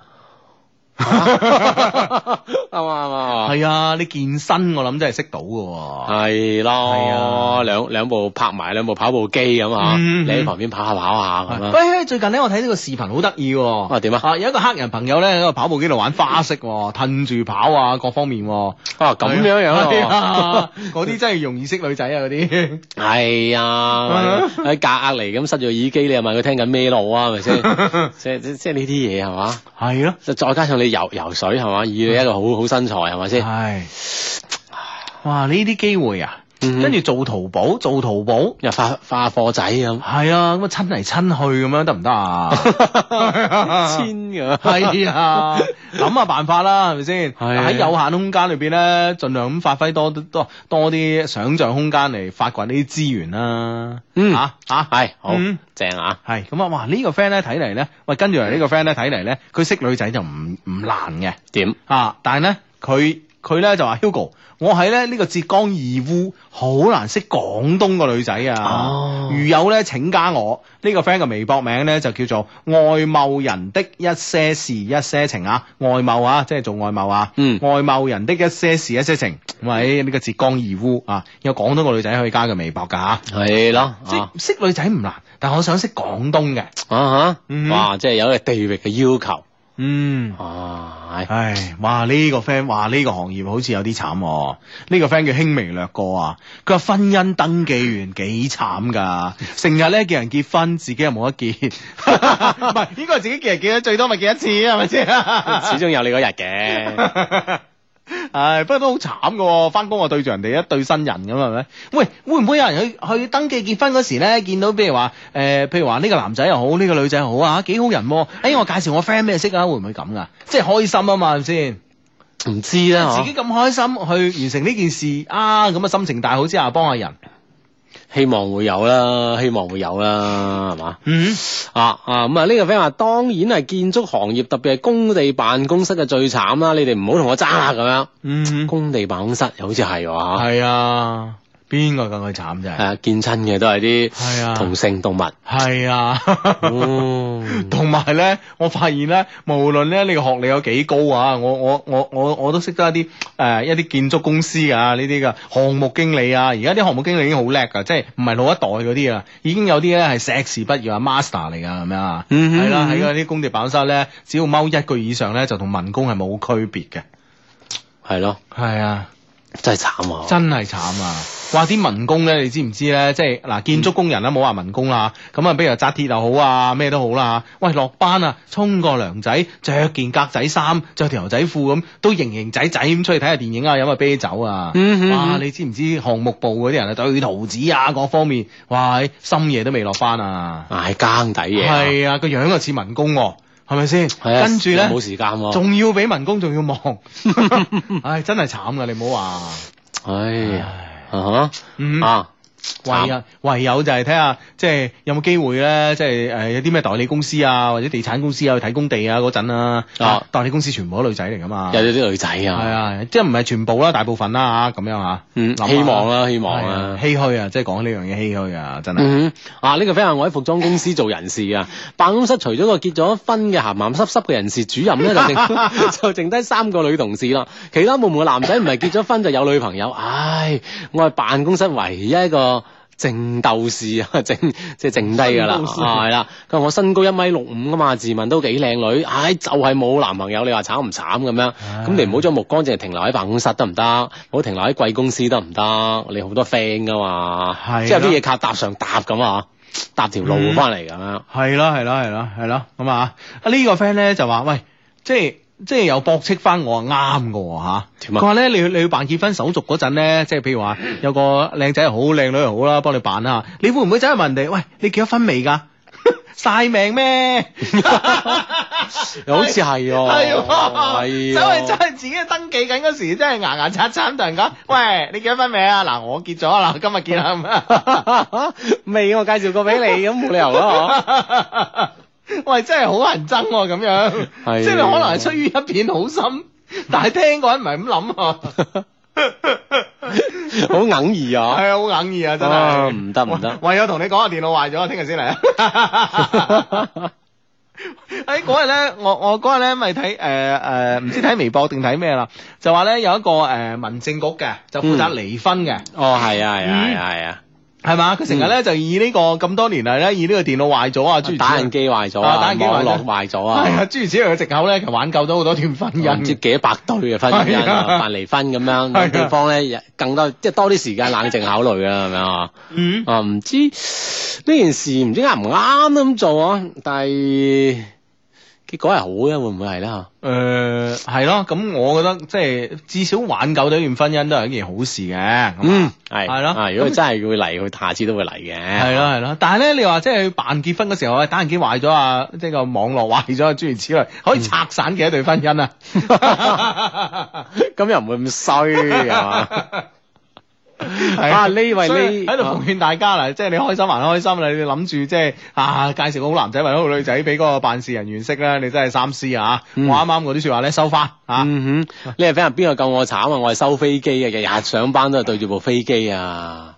啱啊！啱笑作 嗎 啊！係啊，你健身我諗真係識到嘅。係咯，兩兩部拍埋兩部跑步機咁啊，嗯、你喺旁邊跑下跑下咁啊。最近咧，我睇到個視頻好得意喎。啊，點啊？有一個黑人朋友咧喺個跑步機度玩花式，褪住跑啊，各方面。以啊，咁樣樣啊？嗰啲、啊、 真係容易識女仔啊！嗰啲係啊，喺隔隔籬咁塞住耳機，你又問佢聽緊咩路啊？係咪先？即即呢啲嘢係嘛？係咯，就、啊、再加上你。游游水係嘛，以一個好好身材係咪先？係，哇！呢啲機會啊～跟住、嗯、做淘寶，做淘寶又發發貨仔咁，係啊，咁啊親嚟親去咁樣得唔得啊？千嘅，係啊，諗下、 啊、辦法啦，係咪先？喺是有限空間裏邊咧，盡量咁發揮多多多啲想象空間嚟發掘呢啲資源啦。嗯啊啊，係好、嗯、正啊，係咁啊！哇，這個、呢個 friend 咧睇嚟咧，喂，跟住嚟呢個 friend 咧睇嚟咧，佢識女仔就唔唔難嘅。點樣啊？但係咧，佢。佢咧就話 Hugo，我喺咧呢個浙江義烏好難識廣東嘅女仔啊，哦、如有咧請加我呢、呢個 friend 嘅微博名咧就叫做外貿人的一些事一些情啊，外貿啊，即係做外貿啊，嗯，外貿人的一些事一些情，咁呢、嗯呢個浙江義烏啊，有廣東嘅女仔可以加佢微博噶嚇、啊，係咯，識、啊、識女仔唔難，但我想識廣東嘅啊嚇哈，嗯、哇，即係有一個地域嘅要求。嗯，啊，唉，哇！呢、這個 friend，哇！呢、這個行業好似有啲慘、啊，呢、這個 friend 叫輕微略過啊，佢話婚姻登記員幾慘噶，成日咧叫人結婚，自己又冇得結，唔係，應該係自己叫人結得最多咪結一次，係咪先？ 始終有你嗰日嘅。 係，不過都好慘噶，翻工啊對住人哋一對新人咁係咪？喂，會唔會有人去去登記結婚時咧，見到譬如話誒、呃，譬如話呢個男仔又好，呢、這個女仔又好啊，幾好人、啊，誒、哎、我介紹我 friend 咩識啊，會唔會咁噶？即係開心啊嘛，係咪先？唔知啊，自己咁開心去完成呢件事啊，咁啊心情大好之下幫下人。希望會有啦，希望會有啦，係嘛、mm hmm. 啊啊啊？嗯啊啊，咁啊呢個 friend 話，當然係建築行業，特別係工地辦公室嘅最慘啦。你哋唔好同我爭啊咁樣。嗯、mm，hmm. 工地辦公室又好似係喎，係啊。邊個咁鬼慘啫？係啊，見親嘅都係啲、啊、同性動物。係啊，同埋咧，我發現咧，無論咧你個學歷有幾高啊，我我我我我都識得一啲誒、呃，一啲建築公司啊，呢啲嘅，項目經理啊，而家啲項目經理已經好叻噶，即係唔係老一代嗰啲啊，已經有啲咧係碩士畢業啊，master 嚟噶咁樣、嗯、哼 啊，係啦，喺嗰啲工地板室咧，只要踎一個以上咧，就同民工係冇區別嘅。係咯。係啊。真係慘啊！ 真係慘啊！話啲民工咧，你知唔知咧？即係嗱，建築工人啦，冇話、嗯、民工啦。咁啊，比如紮鐵又好啊，咩都好啦、啊、喂，落班啊，沖個涼仔，着件格仔衫，着條牛仔褲咁，都型型仔仔咁出去睇下電影啊，飲下啤酒啊。嗯嗯哇，你知唔知項目部嗰啲人啊，繪圖紙啊嗰方面，哇，深夜都未落班啊。捱更抵夜。係啊，個樣又似民工喎。 係咪先？係啊，的跟住咧，冇時間仲要俾民工，仲要忙，唉，真係慘噶！你唔好話，唉呀，嗯，嗯啊。慘唯啊，唯有就係睇下，即係有冇機會咧，即係誒有啲咩代理公司啊，或者地產公司啊去睇工地啊嗰陣啊，哦、代理公司全部都女仔嚟噶嘛。又有啲女仔啊。係啊，即係唔係全部啦，大部分啦嚇咁樣啊，嗯、啊希望啦，希望啊，唏噓啊，即係講呢樣嘢唏噓啊，真係。嗯哼，啊呢個非常我喺服裝公司做人事啊， 辦公室除咗個結咗婚嘅鹹鹹濕濕嘅人事主任咧，就剩 就剩低三個女同事咯。 其他部門嘅男仔唔係結咗婚就有女朋友，唉、 哎，我係辦公室唯一一個。剩鬥士，士啊，剩即係剩低噶啦，係啦。佢話我身高一米六五噶嘛，自問都幾靚女，唉就係、是、冇男朋友，你話慘唔慘咁樣？咁唉你唔好將目光淨係停留喺辦公室得唔得？唔好停留喺貴公司得唔得？你好多 friend 噶嘛，的即係有啲嘢靠搭上搭咁、嗯、啊，搭條路翻嚟咁樣。係啦係啦係啦係啦，咁啊啊呢個 friend 咧就話喂，即係。即係有博斥翻我啊，啱嘅吓。佢話咧，你去你去辦結婚手續嗰陣咧，即係譬如話有個靚仔好，靚女又好啦，幫你辦啊。你會唔會走去問人哋？喂，你結咗婚未？噶 曬命咩嗎？又 好似係、哦，係， 哦、走去走去自己登記緊嗰時，真係牙牙刷刷，同人講：喂，你結咗婚未 啊？嗱，我結咗啦，今日結啦，未我介紹過俾你，咁冇理由咯， 喂，真係好人憎喎，咁樣， 即係可能係出於一片好心，但係聽個人唔係咁諗啊，好哽耳啊，係啊，好哽耳啊，真係唔得唔得，唯有同你講下電腦壞咗，聽日先嚟。啊，喺嗰日咧，我我嗰日咧咪睇，誒誒，唔、呃呃、知睇微博定睇咩啦，就話咧有一個誒、呃、民政局嘅，就負責離婚嘅、嗯，哦係啊係啊係啊。嗯係嘛？佢成日咧就以呢、呢個咁多年嚟咧，以呢個電腦壞咗啊，打印機壞咗啊，打網落壞咗啊，啊、哎，諸如此類嘅藉口咧，就挽救咗好多段婚姻，唔、哎哎哎、知幾百對嘅婚姻辦離婚咁樣，地方咧更多即係多啲時間冷靜考慮啊，係咪啊？啊、哎，唔、嗯、知呢件事唔知啱唔啱咁做啊，但係。結果係好嘅，會唔會係咧吓？誒，係咯，咁我覺得即係至少挽救到一段婚姻都係一件好事嘅。嗯，係係咯，如果真係會嚟，佢下次都會嚟嘅。係咯係咯，但係咧，你話即係辦結婚嘅時候，打印機壞咗啊，即係個網絡壞咗啊，諸如此類，可以拆散嘅一對婚姻啊？咁又唔會咁衰係係啊！呢位你喺度奉勸大家啦，即係你開心還開心啦，你諗住即係啊，介紹個好男仔或者好女仔俾嗰個辦事人員識啦，你真係三思啊！我啱啱嗰啲說話咧收翻啊！你係俾人邊個夠我慘啊？我係收飛機啊，日日上班都係對住部飛機啊！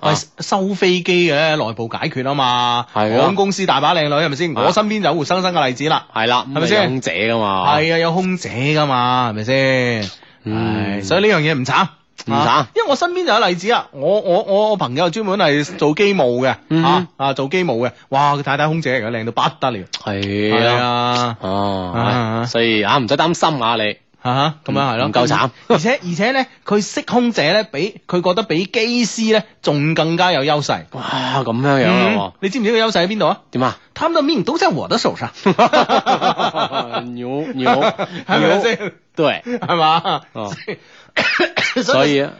我收飛機嘅內部解決啊嘛，我公司大把靚女係咪先？我身邊就有活生生嘅例子啦，係啦，係咪先？空姐噶嘛？係啊，有空姐噶嘛？係咪先？唉，所以呢樣嘢唔慘。唔慘，因為我身邊就有例子啊！我我我朋友專門係做機務嘅，吓啊做機務嘅，哇佢太太空姐，而家靚到不得了，係啊，哦，所以啊唔使擔心啊你，吓咁樣係咯，唔夠慘，而且而且咧佢識空姐咧比佢覺得比機師咧仲更加有優勢，哇咁樣樣，你知唔知個優勢喺邊度啊？點啊？佢哋嘅面都喺我手上，牛牛牛，對係嘛？ 所以啊，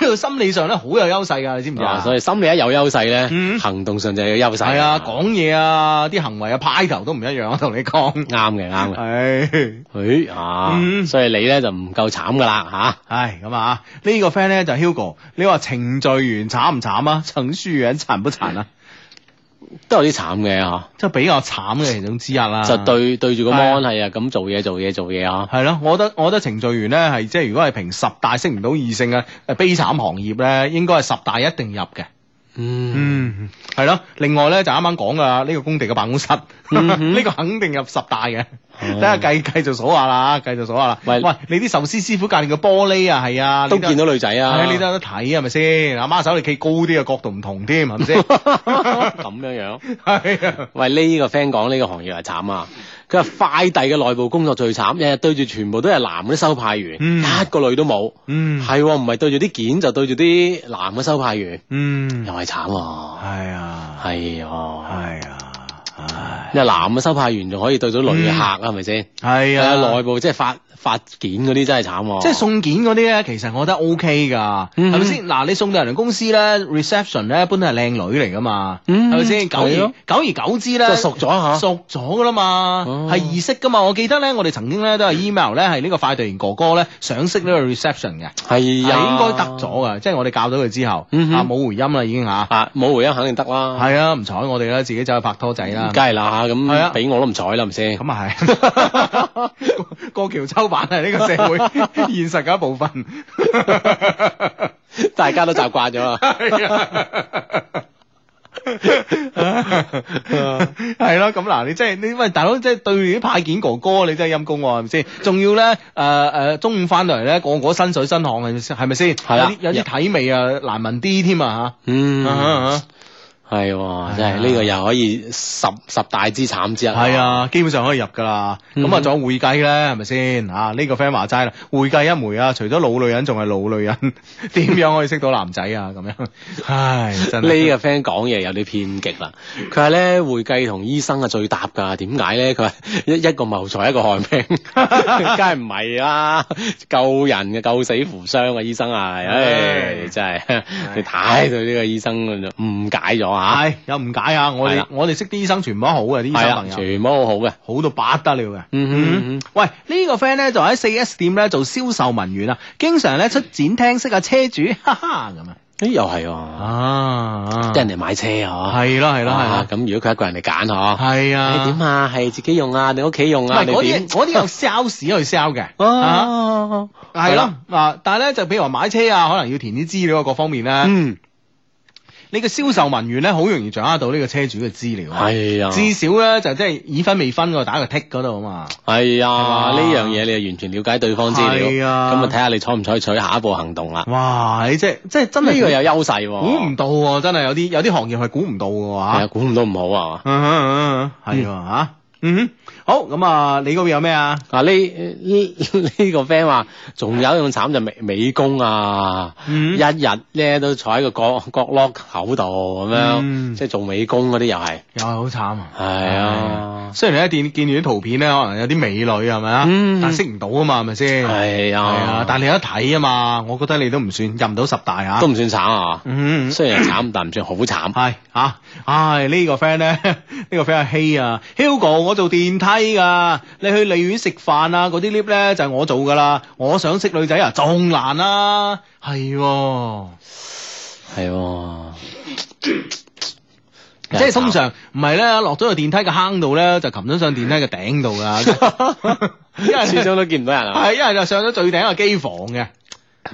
心理上咧好有優勢噶，你知唔知啊？所以心理一有優勢咧，嗯、行動上就有個優勢。係、嗯、啊，講嘢啊，啲行為啊，派頭都唔一樣，我同你講。啱嘅、啊，啱嘅、啊。係，誒啊，所以你咧就唔夠慘噶啦，吓。係咁啊，啊這個、呢個 friend 咧就是、Hugo，你話程序員慘唔慘啊？程序員慘不慘啊？ 都有啲慘嘅吓，即係比較慘嘅其中之一啦。就對對住個 mon 係啊，咁做嘢做嘢做嘢啊。係咯、啊啊，我覺得我覺得程序員咧係即係如果係平十大識唔到異性啊，誒悲慘行業咧，應該係十大一定入嘅。嗯，係咯。另外咧，就啱啱講噶呢個工地嘅辦公室，呢、嗯、哼 個肯定入十大嘅。等下繼繼續數下啦，繼續數下啦。喂，喂，你啲壽司師傅隔籬嘅玻璃啊，係啊，都見到女仔啊。啊、哎，你都有得睇係咪先？阿媽手你企高啲嘅角度唔同添，係咪先？咁樣 樣。係啊。喂，呢、這個 friend 講呢個行業係慘啊。佢話快遞嘅內部工作最慘，日日對住全部都係男嘅收派員，嗯、一個女都冇。係喎、嗯，唔係、啊、對住啲件就對住啲男嘅收派員。嗯，又係慘。係啊，係、哎、呀啊，係啊，唉、哎呀，因為男嘅收派員仲可以對到女客啊，係咪先？係啊吧，哎、呀內部即係發。發件嗰啲真係慘，即係送件嗰啲咧，其實我覺得 O K 噶，係咪先？嗱，你送到人哋公司咧，reception 咧，一般都係靚女嚟噶嘛，係咪先？久而久而久之咧，熟咗吓，熟咗噶啦嘛，係認識噶嘛。我記得咧，我哋曾經咧都係 email 咧，係呢個快遞員哥哥咧，想識呢個 reception 嘅，係應該得咗噶，即係我哋教到佢之後，冇回音啦已經吓，冇回音肯定得啦，係啊唔睬我哋啦，自己走去拍拖仔啦，梗係啦咁，俾我都唔睬啦，係咪先？咁啊係，過橋抽。係呢個社會現實嘅一部分，大家都習慣咗啊。係咯，咁嗱，你即係你喂，大佬，即係對於派件哥哥，你真係陰公喎，係咪先？仲要咧，誒誒，中午翻到嚟咧，個個身水身汗，係，係咪先？係啊，有啲體味啊，難聞啲添啊，吓。嗯。係，真係呢個又可以十十大資產之一，係啊，基本上可以入噶啦。咁啊，仲有會計咧，係咪先啊？呢個 friend 話齋啦，會計一枚啊，除咗老女人，仲係老女人，點樣可以識到男仔啊？咁樣係，呢個 friend 講嘢有啲偏激啦。佢係咧，會計同醫生啊最搭噶，點解咧？佢話一一個謀財，一個害命，梗係唔係啦？救人嘅救死扶傷嘅醫生啊，唉，真係你太對呢個醫生，誤解咗啊！係有誤解啊！我哋我哋識啲醫生全部都好嘅，啲醫生朋友全部好嘅，好到不得了嘅。嗯哼，喂，呢個 friend 咧就喺四 S 店，咧做銷售文員啊，經常咧出展廳識下車主，哈哈咁啊。誒，又係啊，跟人哋買車啊，係咯係咯。咁如果佢一個人嚟揀啊，係啊？你點啊？係自己用啊？你屋企用啊？唔係嗰啲嗰啲有 sales 去 sell 嘅。哦，係啦。啊，但係咧就譬如話買車啊，可能要填啲資料啊，各方面咧。嗯。你個銷售文員咧，好容易掌握到呢個車主嘅資料。係啊、哎呀，至少咧就即係已婚未婚喎，打個 tick 嗰度啊嘛。係、哎、呀吧啊，呢樣嘢你係完全了解對方資料，咁啊睇下你採唔採取下一步行動啦。哇！你即即真係呢個有優勢、啊，估唔到喎、啊，真係有啲有啲行業係估唔到嘅話、啊，估唔、啊、到唔好啊嘛。係啊。嗯，好，咁啊，你嗰邊有咩啊？啊，呢呢呢個 friend 話，仲有一種慘就美美工啊，一日咧都坐喺個角角落口度咁樣，即係做美工嗰啲又係，又係好慘啊！係啊，雖然你喺電見完啲圖片咧，可能有啲美女係咪啊？但係識唔到啊嘛，係咪先？係啊，但係你有得睇啊嘛，我覺得你都唔算，入唔到十大啊，都唔算慘啊，雖然係慘，但唔算好慘。係，吓，唉，呢個 friend 咧，呢個 friend 阿希啊，希好過我。.做電梯噶，你去利苑食飯啊，嗰啲 lift 咧就係、是、我做噶啦。我想識女仔啊，仲難啦，係係、啊，即係通常唔係咧，落咗個電梯嘅坑度咧，就擒咗上電梯嘅頂度噶。始終都見唔到人 啊，係一係就上咗最頂個機房嘅，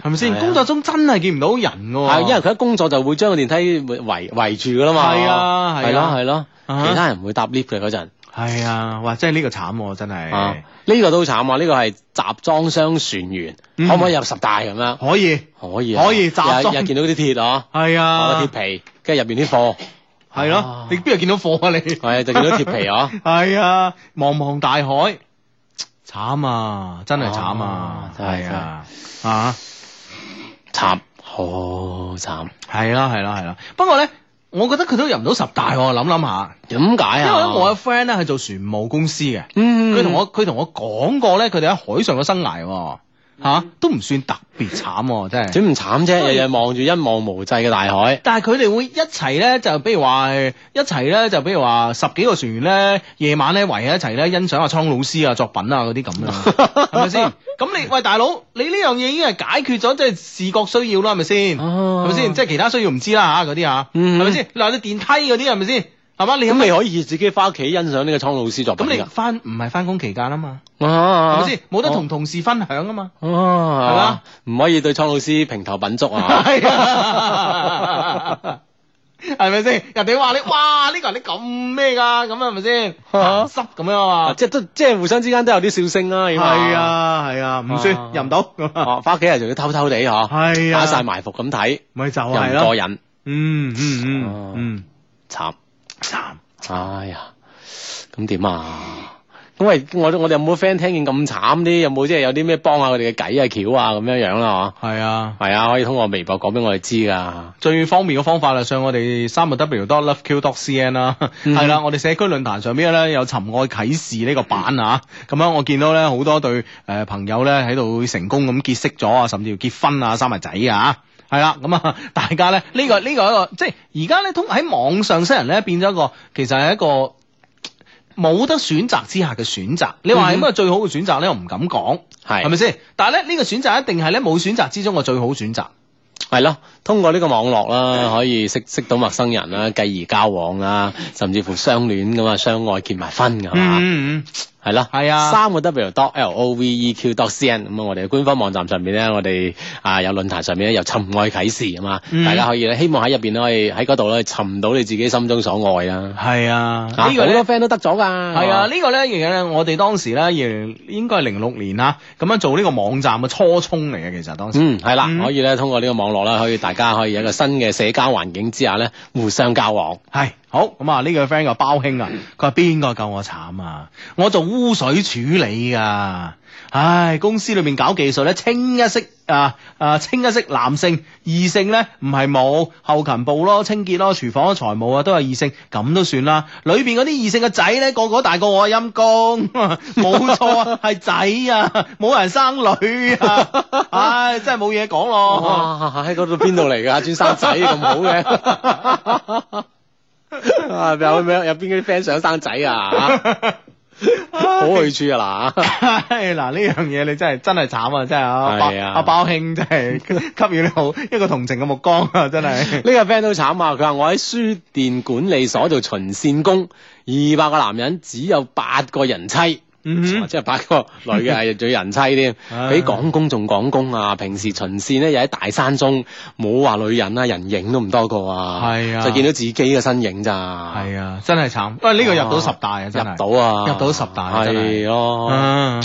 係咪先？工作中真係見唔到人噶、啊，係、啊、因為佢喺工作就會將個電梯圍圍住噶啦嘛，係啊，係咯係咯，啊啊、其他人唔會搭 lift 嘅嗰陣。係啊，哇！即係呢個慘，真係。呢個都慘啊！呢個係集裝箱船員，可唔可以入十大咁樣？可以，可以，可以。日日見到啲鐵啊，係啊，鐵皮，跟住入邊啲貨。係咯，你邊度見到貨啊？你係啊就見到鐵皮啊，係啊，茫茫大海，慘啊！真係慘啊！係啊，啊，慘，好慘。係啦，係啦，係啦。不過咧，我覺得佢都入唔到十大，我諗諗下點解啊？想想為因為我嘅 friend 咧係做船務公司嘅，佢同、嗯、我佢同我講過咧，佢哋喺海上嘅生涯喎。吓、啊，都唔算特別慘喎、啊，真係。點唔慘啫？日日望住一望無際嘅大海。但係佢哋會一齊咧，就比如話一齊咧，就比如話十幾個船員咧，夜晚咧圍喺一齊咧，欣賞阿、啊、蒼老師啊作品啊嗰啲咁啦，係咪先？咁你喂，大佬，你呢樣嘢已經係解決咗，即係視覺需要啦，係咪先？係咪先？即係其他需要唔知啦嚇、啊，嗰啲嚇，係咪先？嗱，你電梯嗰啲係咪先？啊電梯啊係嘛？你咁未可以自己翻屋企欣賞呢個蒼老師作品？咁你翻唔係翻工期間啊嘛，係咪先？冇得同同事分享啊嘛，係嘛？唔可以對蒼老師評頭品足啊！係咪先？人哋話你，哇！呢個人你咁咩噶？咁係咪先？鹹濕咁樣啊！即係都即係互相之間都有啲笑聲啊！係啊係啊，唔算，服入唔到。哦，翻屋企人仲要偷偷地嗬，打晒埋伏咁睇，咪就係咯，又過癮，嗯嗯嗯嗯，慘。慘，三哎呀，咁點啊？咁喂，我我哋有冇 friend 聽見咁慘啲？有冇即係有啲咩幫下佢哋嘅計啊、橋啊咁樣樣啦？嗬？係啊，係啊，可以通過微博講俾我哋知噶。最方便嘅方法就上我哋 www.loveq.cn d、啊、o 啦。係啦、嗯哼啊，我哋社區論壇上邊咧有尋愛啟示呢個版啊。咁、嗯、樣我見到咧好多對誒朋友咧喺度成功咁結識咗啊，甚至要結婚啊，生埋仔啊。係啦，咁啊，大家咧呢、呢個、呢個呢個、呢個一個，即係而家咧，通喺網上識人咧，變咗一個其實係一個冇得選擇之下嘅選擇。嗯、你話係咩最好嘅選擇咧，我唔敢講，係係咪先？但係咧呢、呢個選擇一定係咧冇選擇之中嘅最好選擇，係咯。通過呢個網絡啦，可以識識到陌生人啦，繼而交往啦，甚至乎相戀咁啊，相愛結埋婚噶嘛。嗯係咯，係啊，三個 w dot l o v e q dot c n 咁啊，我哋嘅官方網站上面咧，我哋啊有論壇上面咧，有尋愛啟示啊嘛，嗯、大家可以咧，希望喺入邊咧，可以喺嗰度咧尋到你自己心中所愛啊。係啊，呢、啊、個呢個 friend 都得咗噶。係啊，啊這個、呢個咧其實我哋當時咧，原應該係零六年啦，咁樣做呢個網站嘅初衷嚟嘅，其實當時。嗯，係啦、嗯，可以咧通過呢個網絡咧，可以大家可以有一個新嘅社交環境之下咧，互相交往。係。好咁啊！呢個 friend 啊，包兄啊，佢話邊個夠我慘啊？我做污水處理啊。唉，公司裏面搞技術咧，清一色啊啊，清一色男性，異性咧唔係冇，後勤部咯，清潔咯，廚房、財務啊，都係異性，咁都算啦。裏邊嗰啲異性嘅仔咧，個個大過我陰公，冇錯啊，係仔啊，冇人生女啊，唉，真係冇嘢講咯。喺嗰度邊度嚟噶？專 生仔咁好嘅？ 啊，有咩有邊啲 friend 想生仔啊？好去處啊嗱，嗱呢樣嘢你真係真係慘啊！真係啊！阿包兄真係吸引你好一個同情嘅目光啊！真係呢 個 friend 都慘啊！佢話我喺輸電管理所做巡線工，二百個男人只有八個人妻。嗯，mm hmm. 即係拍個女嘅係仲人妻添， 比港工仲港工啊！平時巡線咧又喺大山中，冇話女人啊，人影都唔多個啊，係是啊，就見到自己嘅身影咋，係啊，真係慘。喂、啊，呢、這個入到十大啊，真係入到啊，入到十大是啊，啊，係咯。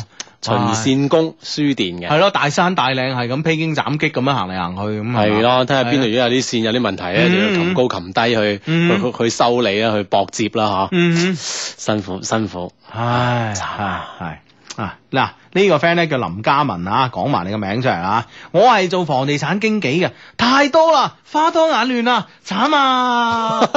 巡線工書電嘅係咯，大山大嶺係咁披荊斬棘咁樣行嚟行去咁係咯，睇下邊度如果有啲線有啲問題咧，就的要擒高擒低去、嗯、去去修理啊，去駁接啦吓、嗯啊，辛苦辛苦，唉，係唉。啊嗱，這個、呢個 friend 咧叫林嘉文啊，講埋你個名出嚟啦、啊。我係做房地產經紀嘅，太多啦，花多眼亂啦，慘啊！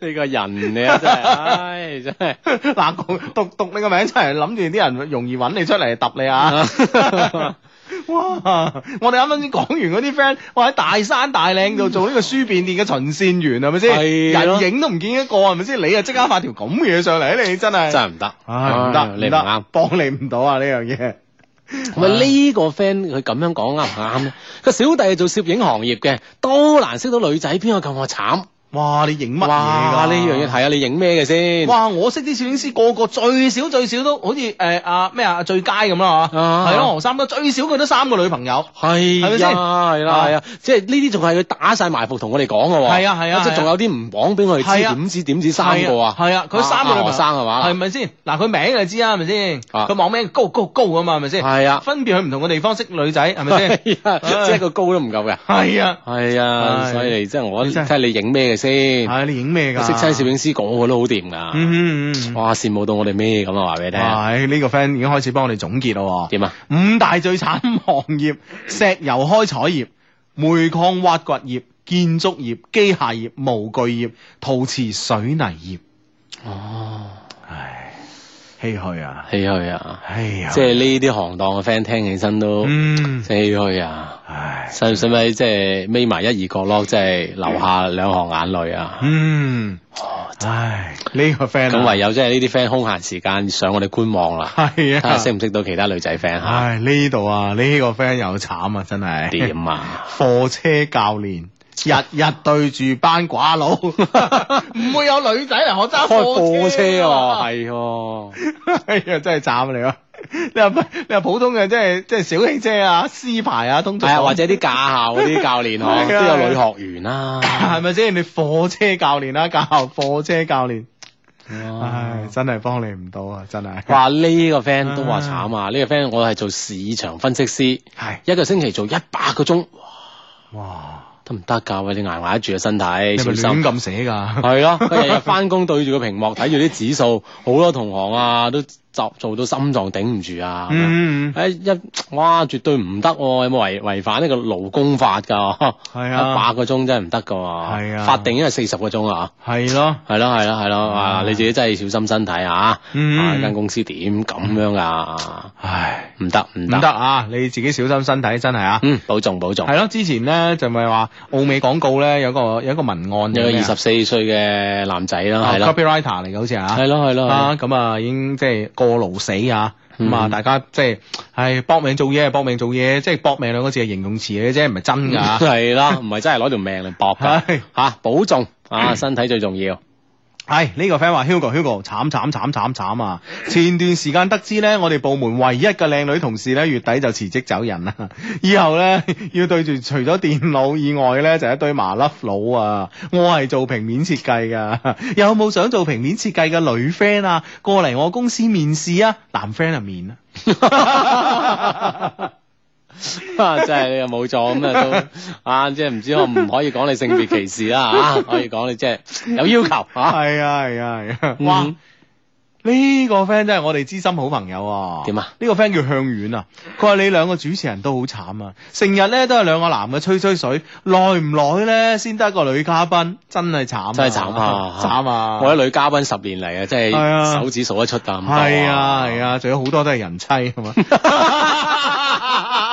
你個人你啊真係，真係嗱、哎啊，讀讀你個名出嚟，諗住啲人容易揾你出嚟揼你啊。 哇！我哋啱啱先講完嗰啲 friend，我喺大山大嶺度做呢個輸變電嘅巡線員，係咪先？的人影都唔見一個，係咪先？你啊，即刻發條咁嘅嘢上嚟，你真係真係唔得，唔得、哎，哎、你唔啱，幫你唔到啊！呢、啊、 樣嘢，係呢個 friend 佢咁樣講啱唔啱咧？個小弟係做攝影行業嘅，都難識到女仔，邊個夠我慘？哇！你影乜嘢噶？呢樣嘢睇下你影咩嘅先。哇！我識啲攝影師，個個最少最少都好似誒阿咩啊最佳咁啦吓。係咯，黃三都最少佢都三個女朋友。係，係咪先？係啦係啊，即係呢啲仲係佢打晒埋伏同我哋講噶。係啊係啊，即仲有啲唔講俾我哋知，點知點知三個啊？係啊，佢三個女朋友生係嘛？係咪先？嗱，佢名就知啊，係咪先？佢網名高高高啊嘛，係咪先？係啊，分別去唔同嘅地方識女仔，係咪先？即係個高都唔夠嘅。係啊係啊，所以即係我睇下你影咩嘅。先，啊、你影咩噶？色差攝影師講，我都好掂噶。嗯哼嗯，哇，羨慕到我哋咩咁啊？話俾你聽，係呢個 friend 已經開始幫我哋總結咯。點啊？五大最慘行業：石油開採業、煤礦挖掘業、建築業、機械業、模具業、陶瓷水泥業。哦。唏嘘啊！唏嘘啊！哎呀，即係呢啲行當嘅 friend 聽起身都唏嘘啊！唉，使唔使即係眯埋一二角咯？即係流下兩行眼淚啊！嗯，哦，真係呢個 friend 咁唯有即係呢啲 friend 空閒時間上我哋觀望啦。係啊，睇下識唔識到其他女仔 friend？唉，呢度啊，呢個 friend 又慘啊，真係點啊？貨車教練。日日對住班寡佬，唔會有女仔嚟學揸貨車喎，係喎，哎呀，真係慘、啊、你咯！你話你話普通嘅即係即係小汽車啊、私牌啊，通常或者啲駕校啲教練嗬、啊、都有女學員啦、啊， 係咪先？你貨車教練啦，駕校貨車教練，唉，真係幫你唔到啊！真係話呢個 friend 都話慘啊！呢、這個 friend 我係做市場分析師，係是一個星期做一百個鐘，哇！得唔得㗎喂，你捱捱住啊？身體，小心咁寫㗎，係咯，日日翻工對住個屏幕睇住啲指數，好多同行啊都。就做到心臟頂唔住啊！哎一哇絕對唔得，有冇違違反呢個勞工法噶？係啊，八個鐘真係唔得噶，法定應該係四十個鐘啊！係咯，係咯，係咯，係咯！你自己真係小心身體啊！嗯，間公司點咁樣啊？唉，唔得唔得得啊！你自己小心身體，真係啊！嗯，保重保重。係咯，之前咧就咪話，澳美廣告咧有個有一個文案，有個二十四歲嘅男仔啦，係啦，copywriter 嚟嘅好似啊，係咯係咯，咁啊已經即係。過勞死啊！咁、嗯、啊，嗯、大家即、就、係、是，係搏命做嘢，搏命做嘢，即係搏命兩個字係形容詞嘅啫，唔係真噶。係啦的，唔係 真係攞條命嚟搏噶。吓唉、啊，保重啊，唉身體最重要。係呢、哎，這個 friend 話 Hugo、Hugo 慘慘慘慘慘啊！前段時間得知呢，我哋部門唯一嘅靚女同事呢月底就辭職走人啦，以後呢，要對住除咗電腦以外呢，就是、一堆麻甩、ah、佬啊！我係做平面設計噶，有冇想做平面設計嘅女 friend 啊？過嚟我公司面試啊！男 friend 就免啦。 啊、真係你又冇錯咁啊都啊，即係唔知我唔可以講你性別歧視啦吓、啊，可以講你即係有要求吓。係啊，係啊，係啊！哇，呢、這個 friend 真係我哋知心好朋友啊。點啊？呢個 friend 叫向遠啊，佢話你兩個主持人都好慘啊，成日咧都係兩個男嘅吹吹水，耐唔耐咧先得一個女嘉賓，真係慘、啊，真係慘啊，慘啊！我啲女嘉賓十年嚟啊，即係手指數得出啖。係啊，係啊，仲有好多都係人妻係、啊、嘛。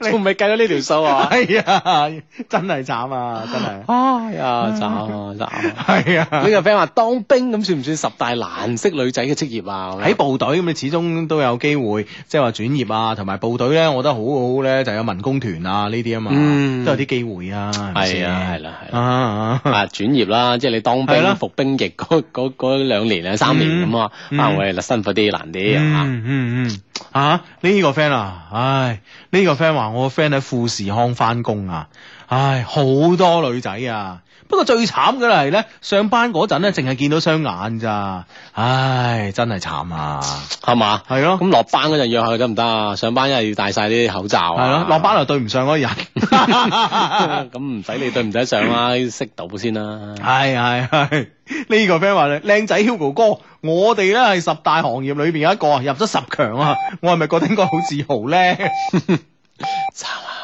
我唔係計咗呢條數啊！係、 哎、啊，真係慘啊，真係。哎呀，慘啊，慘！係啊，呢個 friend 話當兵咁算唔算十大難識女仔嘅職業啊？喺部隊咁你始終都有機會，即係話轉業啊，同埋部隊咧，我覺得好好咧，就有民工團啊呢啲啊嘛，嗯、都有啲機會啊。係啊，係啦、啊，係啦。啊，轉業啦，即係你當兵，啦，服兵役嗰嗰兩年啊三年咁啊，啊喂，辛苦啲，難啲，啊，呢個 friend 啊，唉，呢個 friend 話，我個 friend 喺富士康翻工啊，唉，好多女仔啊！不過最慘嘅係咧，上班嗰陣咧，淨係見到雙眼咋，唉，真係慘啊，係嘛吧，係咯、啊，咁落班嗰陣約下佢得唔得啊？上班又係要戴晒啲口罩，係咯、啊，落班又對唔上嗰人，咁唔使你對唔使上啦，識到先啦。係係係，呢、哎哎、 個 friend 話靚仔 Hugo 哥，我哋咧係十大行業裏邊有一個啊入咗十強啊，我係咪覺得應該好自豪咧？慘 啊！